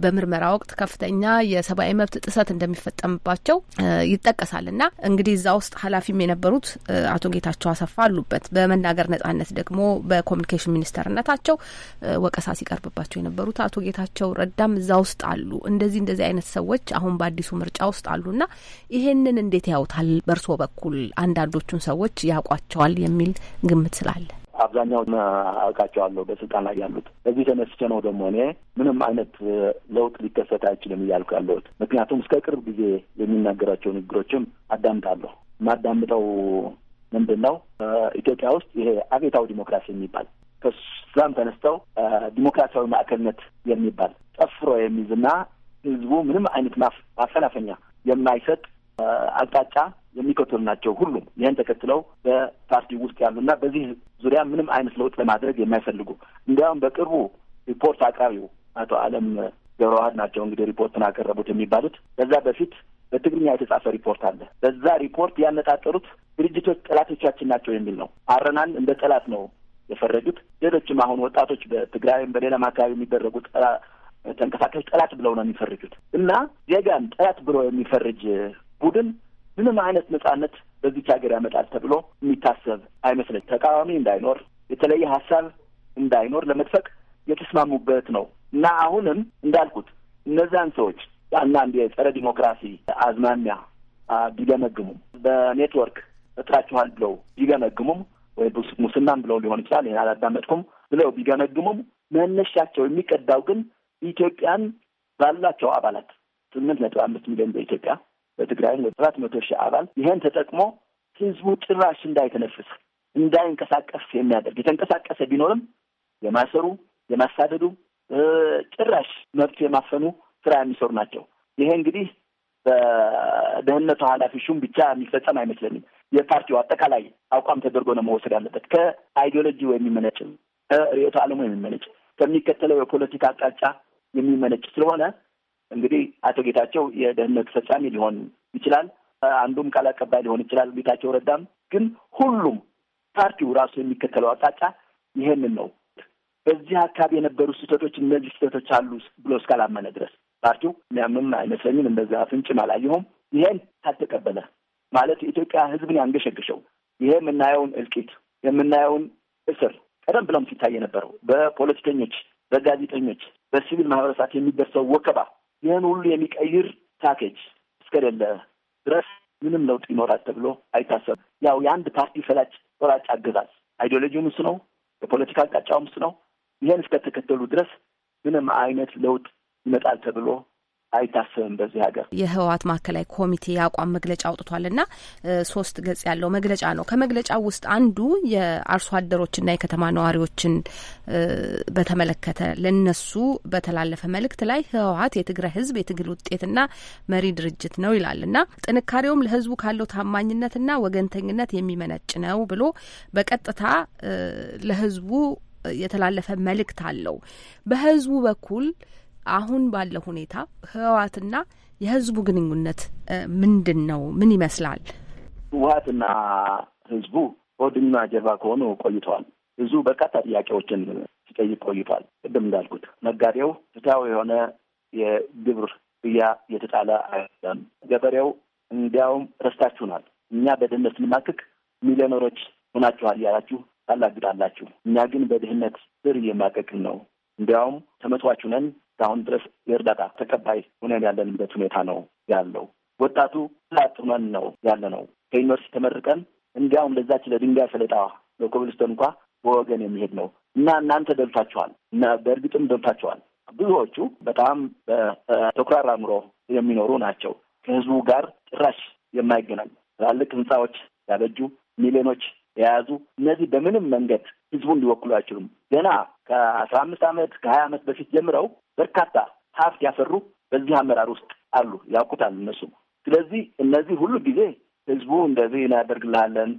በምርመራ ወቅት ከፍተኛ የሰብአዊ መብት ጥሰት እንደሚፈጠምባቸው ይጠቀሳል እና እንግዲህ እዛ ውስጥ ኃላፊም የነበሩት አቶ ጌታቸው አሰፋ አሉበት። በመናገር ነጻነት ደግሞ በኮሚኒኬሽን ሚኒስተርነታቸው ወቀሳ ሲቀርብባቸው የነበሩት አቶ ጌታቸው ረዳም እዛ ውስጥ አሉ። እንደዚህ እንደዚህ አይነት ሰዎች አሁን በአዲሱ ምርጫ ውስጥ አሉና ይሄንን እንዴት ያውታል? በእርስዎ በኩል አንዳንዶቹን ሰዎች ያውቋቸዋል የሚል ግምት ስላለ
አብዛኛው አውቃቸዋለሁ በስልጣን ላይ ያሉት። እዚህ ተነስቼ ነው ደግሞ እኔ ምንም አይነት ለውጥ ሊከሰት አይችልም እያልኩ ያለሁት። ምክንያቱም እስከ ቅርብ ጊዜ የሚናገራቸው ንግግሮችም አዳምጣለሁ። የማዳምጠው ምንድን ነው ኢትዮጵያ ውስጥ ይሄ አቤታዊ ዲሞክራሲ የሚባል ከዛም ተነስተው ዲሞክራሲያዊ ማዕከልነት የሚባል ጠፍሮ የሚይዝና ህዝቡ ምንም አይነት ማፈናፈኛ የማይሰጥ አቅጣጫ የሚከተሉ ናቸው። ሁሉም ይህን ተከትለው በፓርቲ ውስጥ ያሉና በዚህ ዙሪያ ምንም አይነት ለውጥ ለማድረግ የማይፈልጉ እንዲያውም በቅርቡ ሪፖርት አቅራቢው አቶ አለም ገብረዋህድ ናቸው እንግዲህ ሪፖርትን አቀረቡት የሚባሉት ከዛ በፊት በትግርኛ የተጻፈ ሪፖርት አለ። በዛ ሪፖርት ያነጣጠሩት ድርጅቶች ጠላቶቻችን ናቸው የሚል ነው። አረናን እንደ ጠላት ነው የፈረጁት። ሌሎችም አሁን ወጣቶች በትግራይም በሌላም አካባቢ የሚደረጉ ጠላ ጠላት ብለው ነው የሚፈርጁት እና ዜጋን ጠላት ብሎ የሚፈርጅ ቡድን ምንም አይነት ነጻነት በዚች ሀገር ያመጣል ተብሎ የሚታሰብ አይመስለኝ። ተቃዋሚ እንዳይኖር የተለየ ሀሳብ እንዳይኖር ለመጥፈቅ የተስማሙበት ነው እና አሁንም እንዳልኩት እነዚያን ሰዎች አንዳንድ የጸረ ዲሞክራሲ አዝማሚያ ቢገመግሙም በኔትወርክ እጥራችኋል ብለው ቢገመግሙም ወይ ሙስናም ብለው ሊሆን ይችላል፣ ይህን አላዳመጥኩም ብለው ቢገመግሙም መነሻቸው የሚቀዳው ግን ኢትዮጵያን ባሏቸው አባላት ስምንት ነጥብ አምስት ሚሊዮን በኢትዮጵያ በትግራይም ወደ ሰባት መቶ ሺህ አባል ይሄን ተጠቅሞ ህዝቡ ጭራሽ እንዳይተነፍስ እንዳይንቀሳቀስ የሚያደርግ የተንቀሳቀሰ ቢኖርም የማሰሩ የማሳደዱ ጭራሽ መብት የማፈኑ ስራ የሚሰሩ ናቸው። ይሄ እንግዲህ በደህንነቱ ኃላፊ ሹም ብቻ የሚፈጸም አይመስለንም። የፓርቲው አጠቃላይ አቋም ተደርጎ ነው መወሰድ ያለበት። ከአይዲዮሎጂ የሚመነጭ ከርዕዮተ ዓለሙ የሚመነጭ ከሚከተለው የፖለቲካ አቅጣጫ የሚመነጭ ስለሆነ እንግዲህ አቶ ጌታቸው የደህንነት ፈጻሚ ሊሆን ይችላል። አንዱም ቃል አቀባይ ሊሆን ይችላል። ጌታቸው ረዳም ግን ሁሉም ፓርቲው ራሱ የሚከተለው አቅጣጫ ይሄንን ነው። በዚህ አካባቢ የነበሩ ስህተቶች እነዚህ ስህተቶች አሉ ብሎ እስካላመነ ድረስ ፓርቲው ምንም አይመስለኝም። እንደዛ ፍንጭም አላየሁም። ይሄን ካልተቀበለ ማለት የኢትዮጵያ ሕዝብን ያንገሸገሸው ይሄ የምናየውን እልቂት የምናየውን እስር ቀደም ብለም ሲታይ የነበረው በፖለቲከኞች፣ በጋዜጠኞች፣ በሲቪል ማህበረሰብ የሚደርሰው ወከባ ይህን ሁሉ የሚቀይር ፓኬጅ እስከሌለ ድረስ ምንም ለውጥ ይኖራል ተብሎ አይታሰብም። ያው የአንድ ፓርቲ ፈላጭ ወራጭ አገዛዝ አይዲዮሎጂውም እሱ ነው፣ የፖለቲካ አቅጣጫውም እሱ ነው። ይህን እስከተከተሉ ድረስ ምንም አይነት ለውጥ ይመጣል ተብሎ አይታሰብም በዚህ ሀገር።
የህወሓት ማዕከላዊ ኮሚቴ የአቋም መግለጫ አውጥቷልና ሶስት ገጽ ያለው መግለጫ ነው። ከመግለጫው ውስጥ አንዱ የአርሶ አደሮችና የከተማ ነዋሪዎችን በተመለከተ ለነሱ በተላለፈ መልእክት ላይ ህወሓት የትግራይ ህዝብ የትግል ውጤትና መሪ ድርጅት ነው ይላልና ጥንካሬውም ለህዝቡ ካለው ታማኝነትና ወገንተኝነት የሚመነጭ ነው ብሎ በቀጥታ ለህዝቡ የተላለፈ መልእክት አለው በህዝቡ በኩል አሁን ባለው ሁኔታ ህወሓትና የህዝቡ ግንኙነት ምንድን ነው? ምን ይመስላል?
ህወሓትና ህዝቡ ሆድና ጀርባ ከሆኑ ቆይተዋል። ህዝቡ በርካታ ጥያቄዎችን ሲጠይቅ ቆይቷል። ቅድም እንዳልኩት ነጋዴው ፍትሐዊ የሆነ የግብር ብያ የተጣለ አይደለም። ገበሬው እንዲያውም ረስታችሁናል፣ እኛ በድህነት ስንማቅቅ ሚሊዮነሮች ሆናችኋል እያላችሁ ታላግጣላችሁ፣ እኛ ግን በድህነት ስር እየማቀቅን ነው፣ እንዲያውም ተመቷችሁ ነን እስካሁን ድረስ የእርዳታ ተቀባይ ሁነን ያለንበት ሁኔታ ነው ያለው። ወጣቱ ላጥመን ነው ያለ ነው። ከዩኒቨርሲቲ ተመርቀን እንዲያውም ለዛች ለድንጋይ ሰለጣ ለኮብልስቶን እንኳ በወገን የሚሄድ ነው እና እናንተ ደብታችኋል እና በእርግጥም ደብታችኋል። ብዙዎቹ በጣም በተኩራራ ኑሮ የሚኖሩ ናቸው። ከህዝቡ ጋር ጭራሽ የማይገናኙ ትላልቅ ህንፃዎች ያበጁ ሚሊዮኖች የያዙ እነዚህ በምንም መንገድ ህዝቡ ሊወክሉ አይችሉም። ገና ከአስራ አምስት ዓመት ከሀያ ዓመት በፊት ጀምረው በርካታ ሀብት ያፈሩ በዚህ አመራር ውስጥ አሉ፣ ያውቁታል እነሱ። ስለዚህ እነዚህ ሁሉ ጊዜ ህዝቡ እንደዚህ እናደርግልሃለን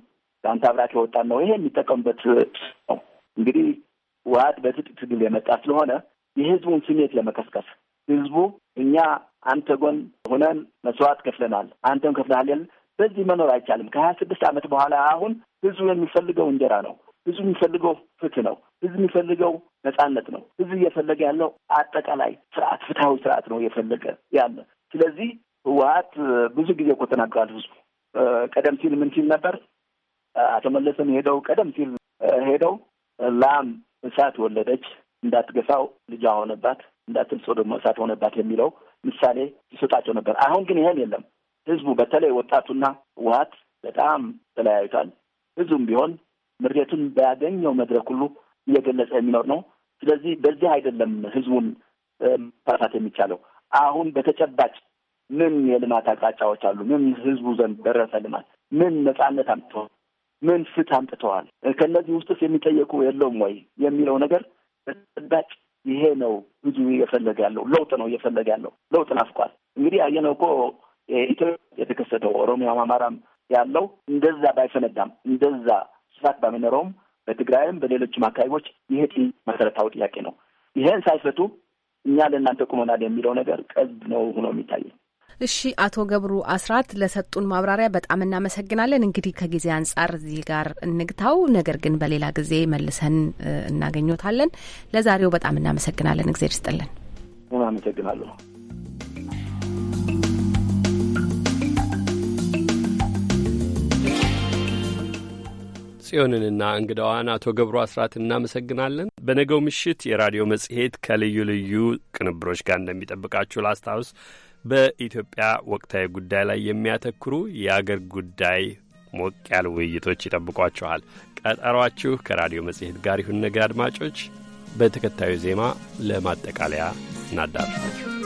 ከአንተ አብራክ የወጣን ነው ይሄ የሚጠቀሙበት ነው። እንግዲህ ዋድ በትጥቅ ትግል የመጣ ስለሆነ የህዝቡን ስሜት ለመቀስቀስ ህዝቡ እኛ አንተ ጎን ሆነን መስዋዕት ከፍለናል፣ አንተም ከፍለሃል። በዚህ መኖር አይቻልም። ከሀያ ስድስት ዓመት በኋላ አሁን ህዝቡ የሚፈልገው እንጀራ ነው። ህዝብ የሚፈልገው ፍትህ ነው። ህዝብ የሚፈልገው ነጻነት ነው። ህዝብ እየፈለገ ያለው አጠቃላይ ስርዓት፣ ፍትሐዊ ስርዓት ነው እየፈለገ ያለ። ስለዚህ ህወሀት ብዙ ጊዜ እኮ ተናግሯል። ህዝቡ ቀደም ሲል ምን ሲል ነበር? አቶ መለስም ሄደው ቀደም ሲል ሄደው ላም እሳት ወለደች እንዳትገፋው ልጇ ሆነባት፣ እንዳትልሶ ደግሞ እሳት ሆነባት የሚለው ምሳሌ ሲሰጣቸው ነበር። አሁን ግን ይሄን የለም። ህዝቡ በተለይ ወጣቱና ህወሀት በጣም ተለያዩታል። ህዝቡም ቢሆን ምሬቱን ባያገኘው መድረክ ሁሉ እየገለጸ የሚኖር ነው። ስለዚህ በዚህ አይደለም ህዝቡን መፋታት የሚቻለው። አሁን በተጨባጭ ምን የልማት አቅጣጫዎች አሉ? ምን ህዝቡ ዘንድ ደረሰ ልማት? ምን ነጻነት አምጥተዋል? ምን ፍትህ አምጥተዋል? ከእነዚህ ውስጥስ የሚጠየቁ የለውም ወይ የሚለው ነገር በተጨባጭ ይሄ ነው ህዝቡ እየፈለገ ያለው ለውጥ ነው እየፈለገ ያለው ለውጥ ናፍቋል። እንግዲህ አየነው እኮ ኢትዮጵያ የተከሰተው ኦሮሚያም አማራም ያለው እንደዛ ባይፈነዳም እንደዛ ስፋት ባይኖረውም በትግራይም በሌሎችም አካባቢዎች ይሄ መሰረታዊ ጥያቄ ነው። ይሄን ሳይፈቱ እኛ ለእናንተ ቁመናል የሚለው ነገር ቀልድ ነው ሆኖ የሚታየ
እሺ አቶ ገብሩ አስራት ለሰጡን ማብራሪያ በጣም እናመሰግናለን። እንግዲህ ከጊዜ አንጻር እዚህ ጋር እንግታው፣ ነገር ግን በሌላ ጊዜ መልሰን እናገኘታለን። ለዛሬው በጣም እናመሰግናለን። እግዜር ይስጥልን።
ጽዮንንና እንግዳዋን አቶ ገብሩ አስራት እናመሰግናለን። በነገው ምሽት የራዲዮ መጽሔት ከልዩ ልዩ ቅንብሮች ጋር እንደሚጠብቃችሁ ላስታውስ። በኢትዮጵያ ወቅታዊ ጉዳይ ላይ የሚያተኩሩ የአገር ጉዳይ ሞቅ ያሉ ውይይቶች ይጠብቋችኋል። ቀጠሯችሁ ከራዲዮ መጽሔት ጋር ይሁን። ነገ አድማጮች፣ በተከታዩ ዜማ ለማጠቃለያ እናዳርሳችሁ።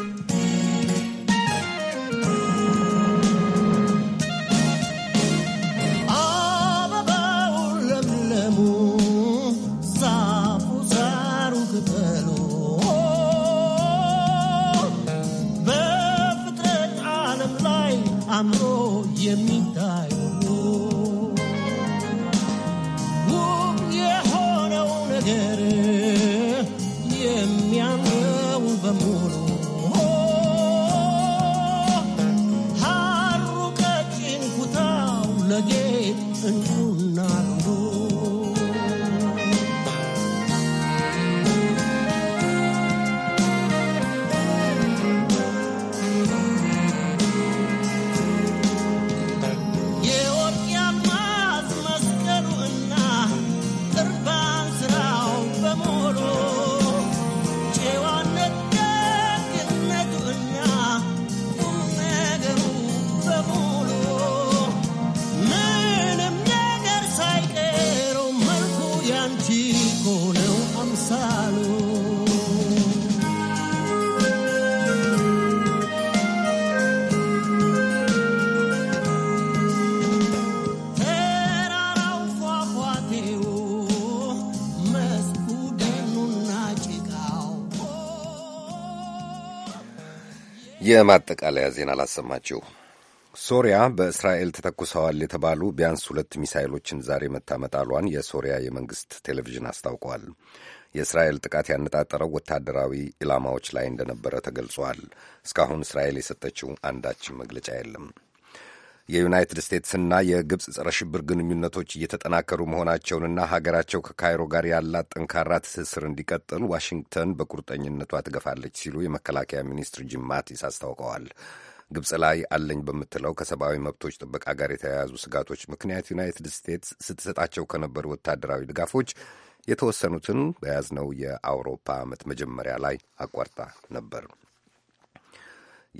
የማጠቃለያ ዜና ላሰማችሁ። ሶሪያ በእስራኤል ተተኩሰዋል የተባሉ ቢያንስ ሁለት ሚሳይሎችን ዛሬ መታመጣሏን የሶሪያ የመንግሥት ቴሌቪዥን አስታውቋል። የእስራኤል ጥቃት ያነጣጠረው ወታደራዊ ኢላማዎች ላይ እንደነበረ ተገልጿል። እስካሁን እስራኤል የሰጠችው አንዳችም መግለጫ የለም። የዩናይትድ ስቴትስና የግብፅ ጸረ ሽብር ግንኙነቶች እየተጠናከሩ መሆናቸውንና ሀገራቸው ከካይሮ ጋር ያላት ጠንካራ ትስስር እንዲቀጥል ዋሽንግተን በቁርጠኝነቷ ትገፋለች ሲሉ የመከላከያ ሚኒስትር ጂም ማቲስ አስታውቀዋል። ግብፅ ላይ አለኝ በምትለው ከሰብአዊ መብቶች ጥበቃ ጋር የተያያዙ ስጋቶች ምክንያት ዩናይትድ ስቴትስ ስትሰጣቸው ከነበሩ ወታደራዊ ድጋፎች የተወሰኑትን በያዝነው የአውሮፓ ዓመት መጀመሪያ ላይ አቋርጣ ነበር።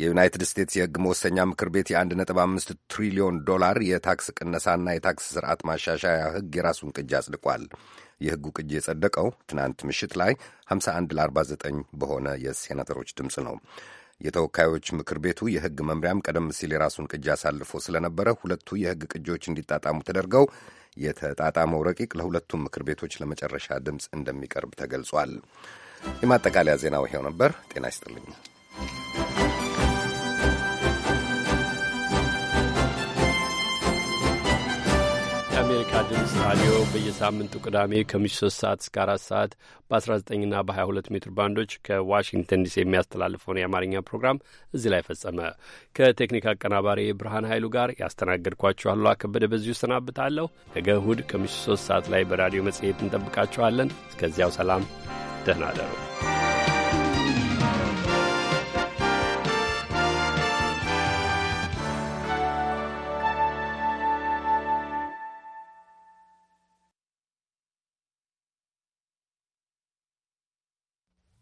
የዩናይትድ ስቴትስ የሕግ መወሰኛ ምክር ቤት የ1.5 ትሪሊዮን ዶላር የታክስ ቅነሳና የታክስ ስርዓት ማሻሻያ ሕግ የራሱን ቅጅ አጽድቋል። የሕጉ ቅጅ የጸደቀው ትናንት ምሽት ላይ 51 ለ49 በሆነ የሴናተሮች ድምፅ ነው። የተወካዮች ምክር ቤቱ የሕግ መምሪያም ቀደም ሲል የራሱን ቅጅ አሳልፎ ስለነበረ ሁለቱ የሕግ ቅጂዎች እንዲጣጣሙ ተደርገው የተጣጣመው ረቂቅ ለሁለቱም ምክር ቤቶች ለመጨረሻ ድምፅ እንደሚቀርብ ተገልጿል። የማጠቃለያ ዜናው ይሄው ነበር። ጤና ይስጥልኝ።
የአሜሪካ ድምፅ ራዲዮ በየሳምንቱ ቅዳሜ ከምሽቱ 3 ሰዓት እስከ 4 ሰዓት በ19ና በ22 ሜትር ባንዶች ከዋሽንግተን ዲሲ የሚያስተላልፈውን የአማርኛ ፕሮግራም እዚህ ላይ ፈጸመ። ከቴክኒክ አቀናባሪ ብርሃን ኃይሉ ጋር ያስተናገድኳችሁ አሉላ ከበደ በዚሁ ሰናብታለሁ። ነገ እሁድ ከምሽቱ 3 ሰዓት ላይ በራዲዮ መጽሔት እንጠብቃችኋለን። እስከዚያው ሰላም፣ ደህና አደሩ።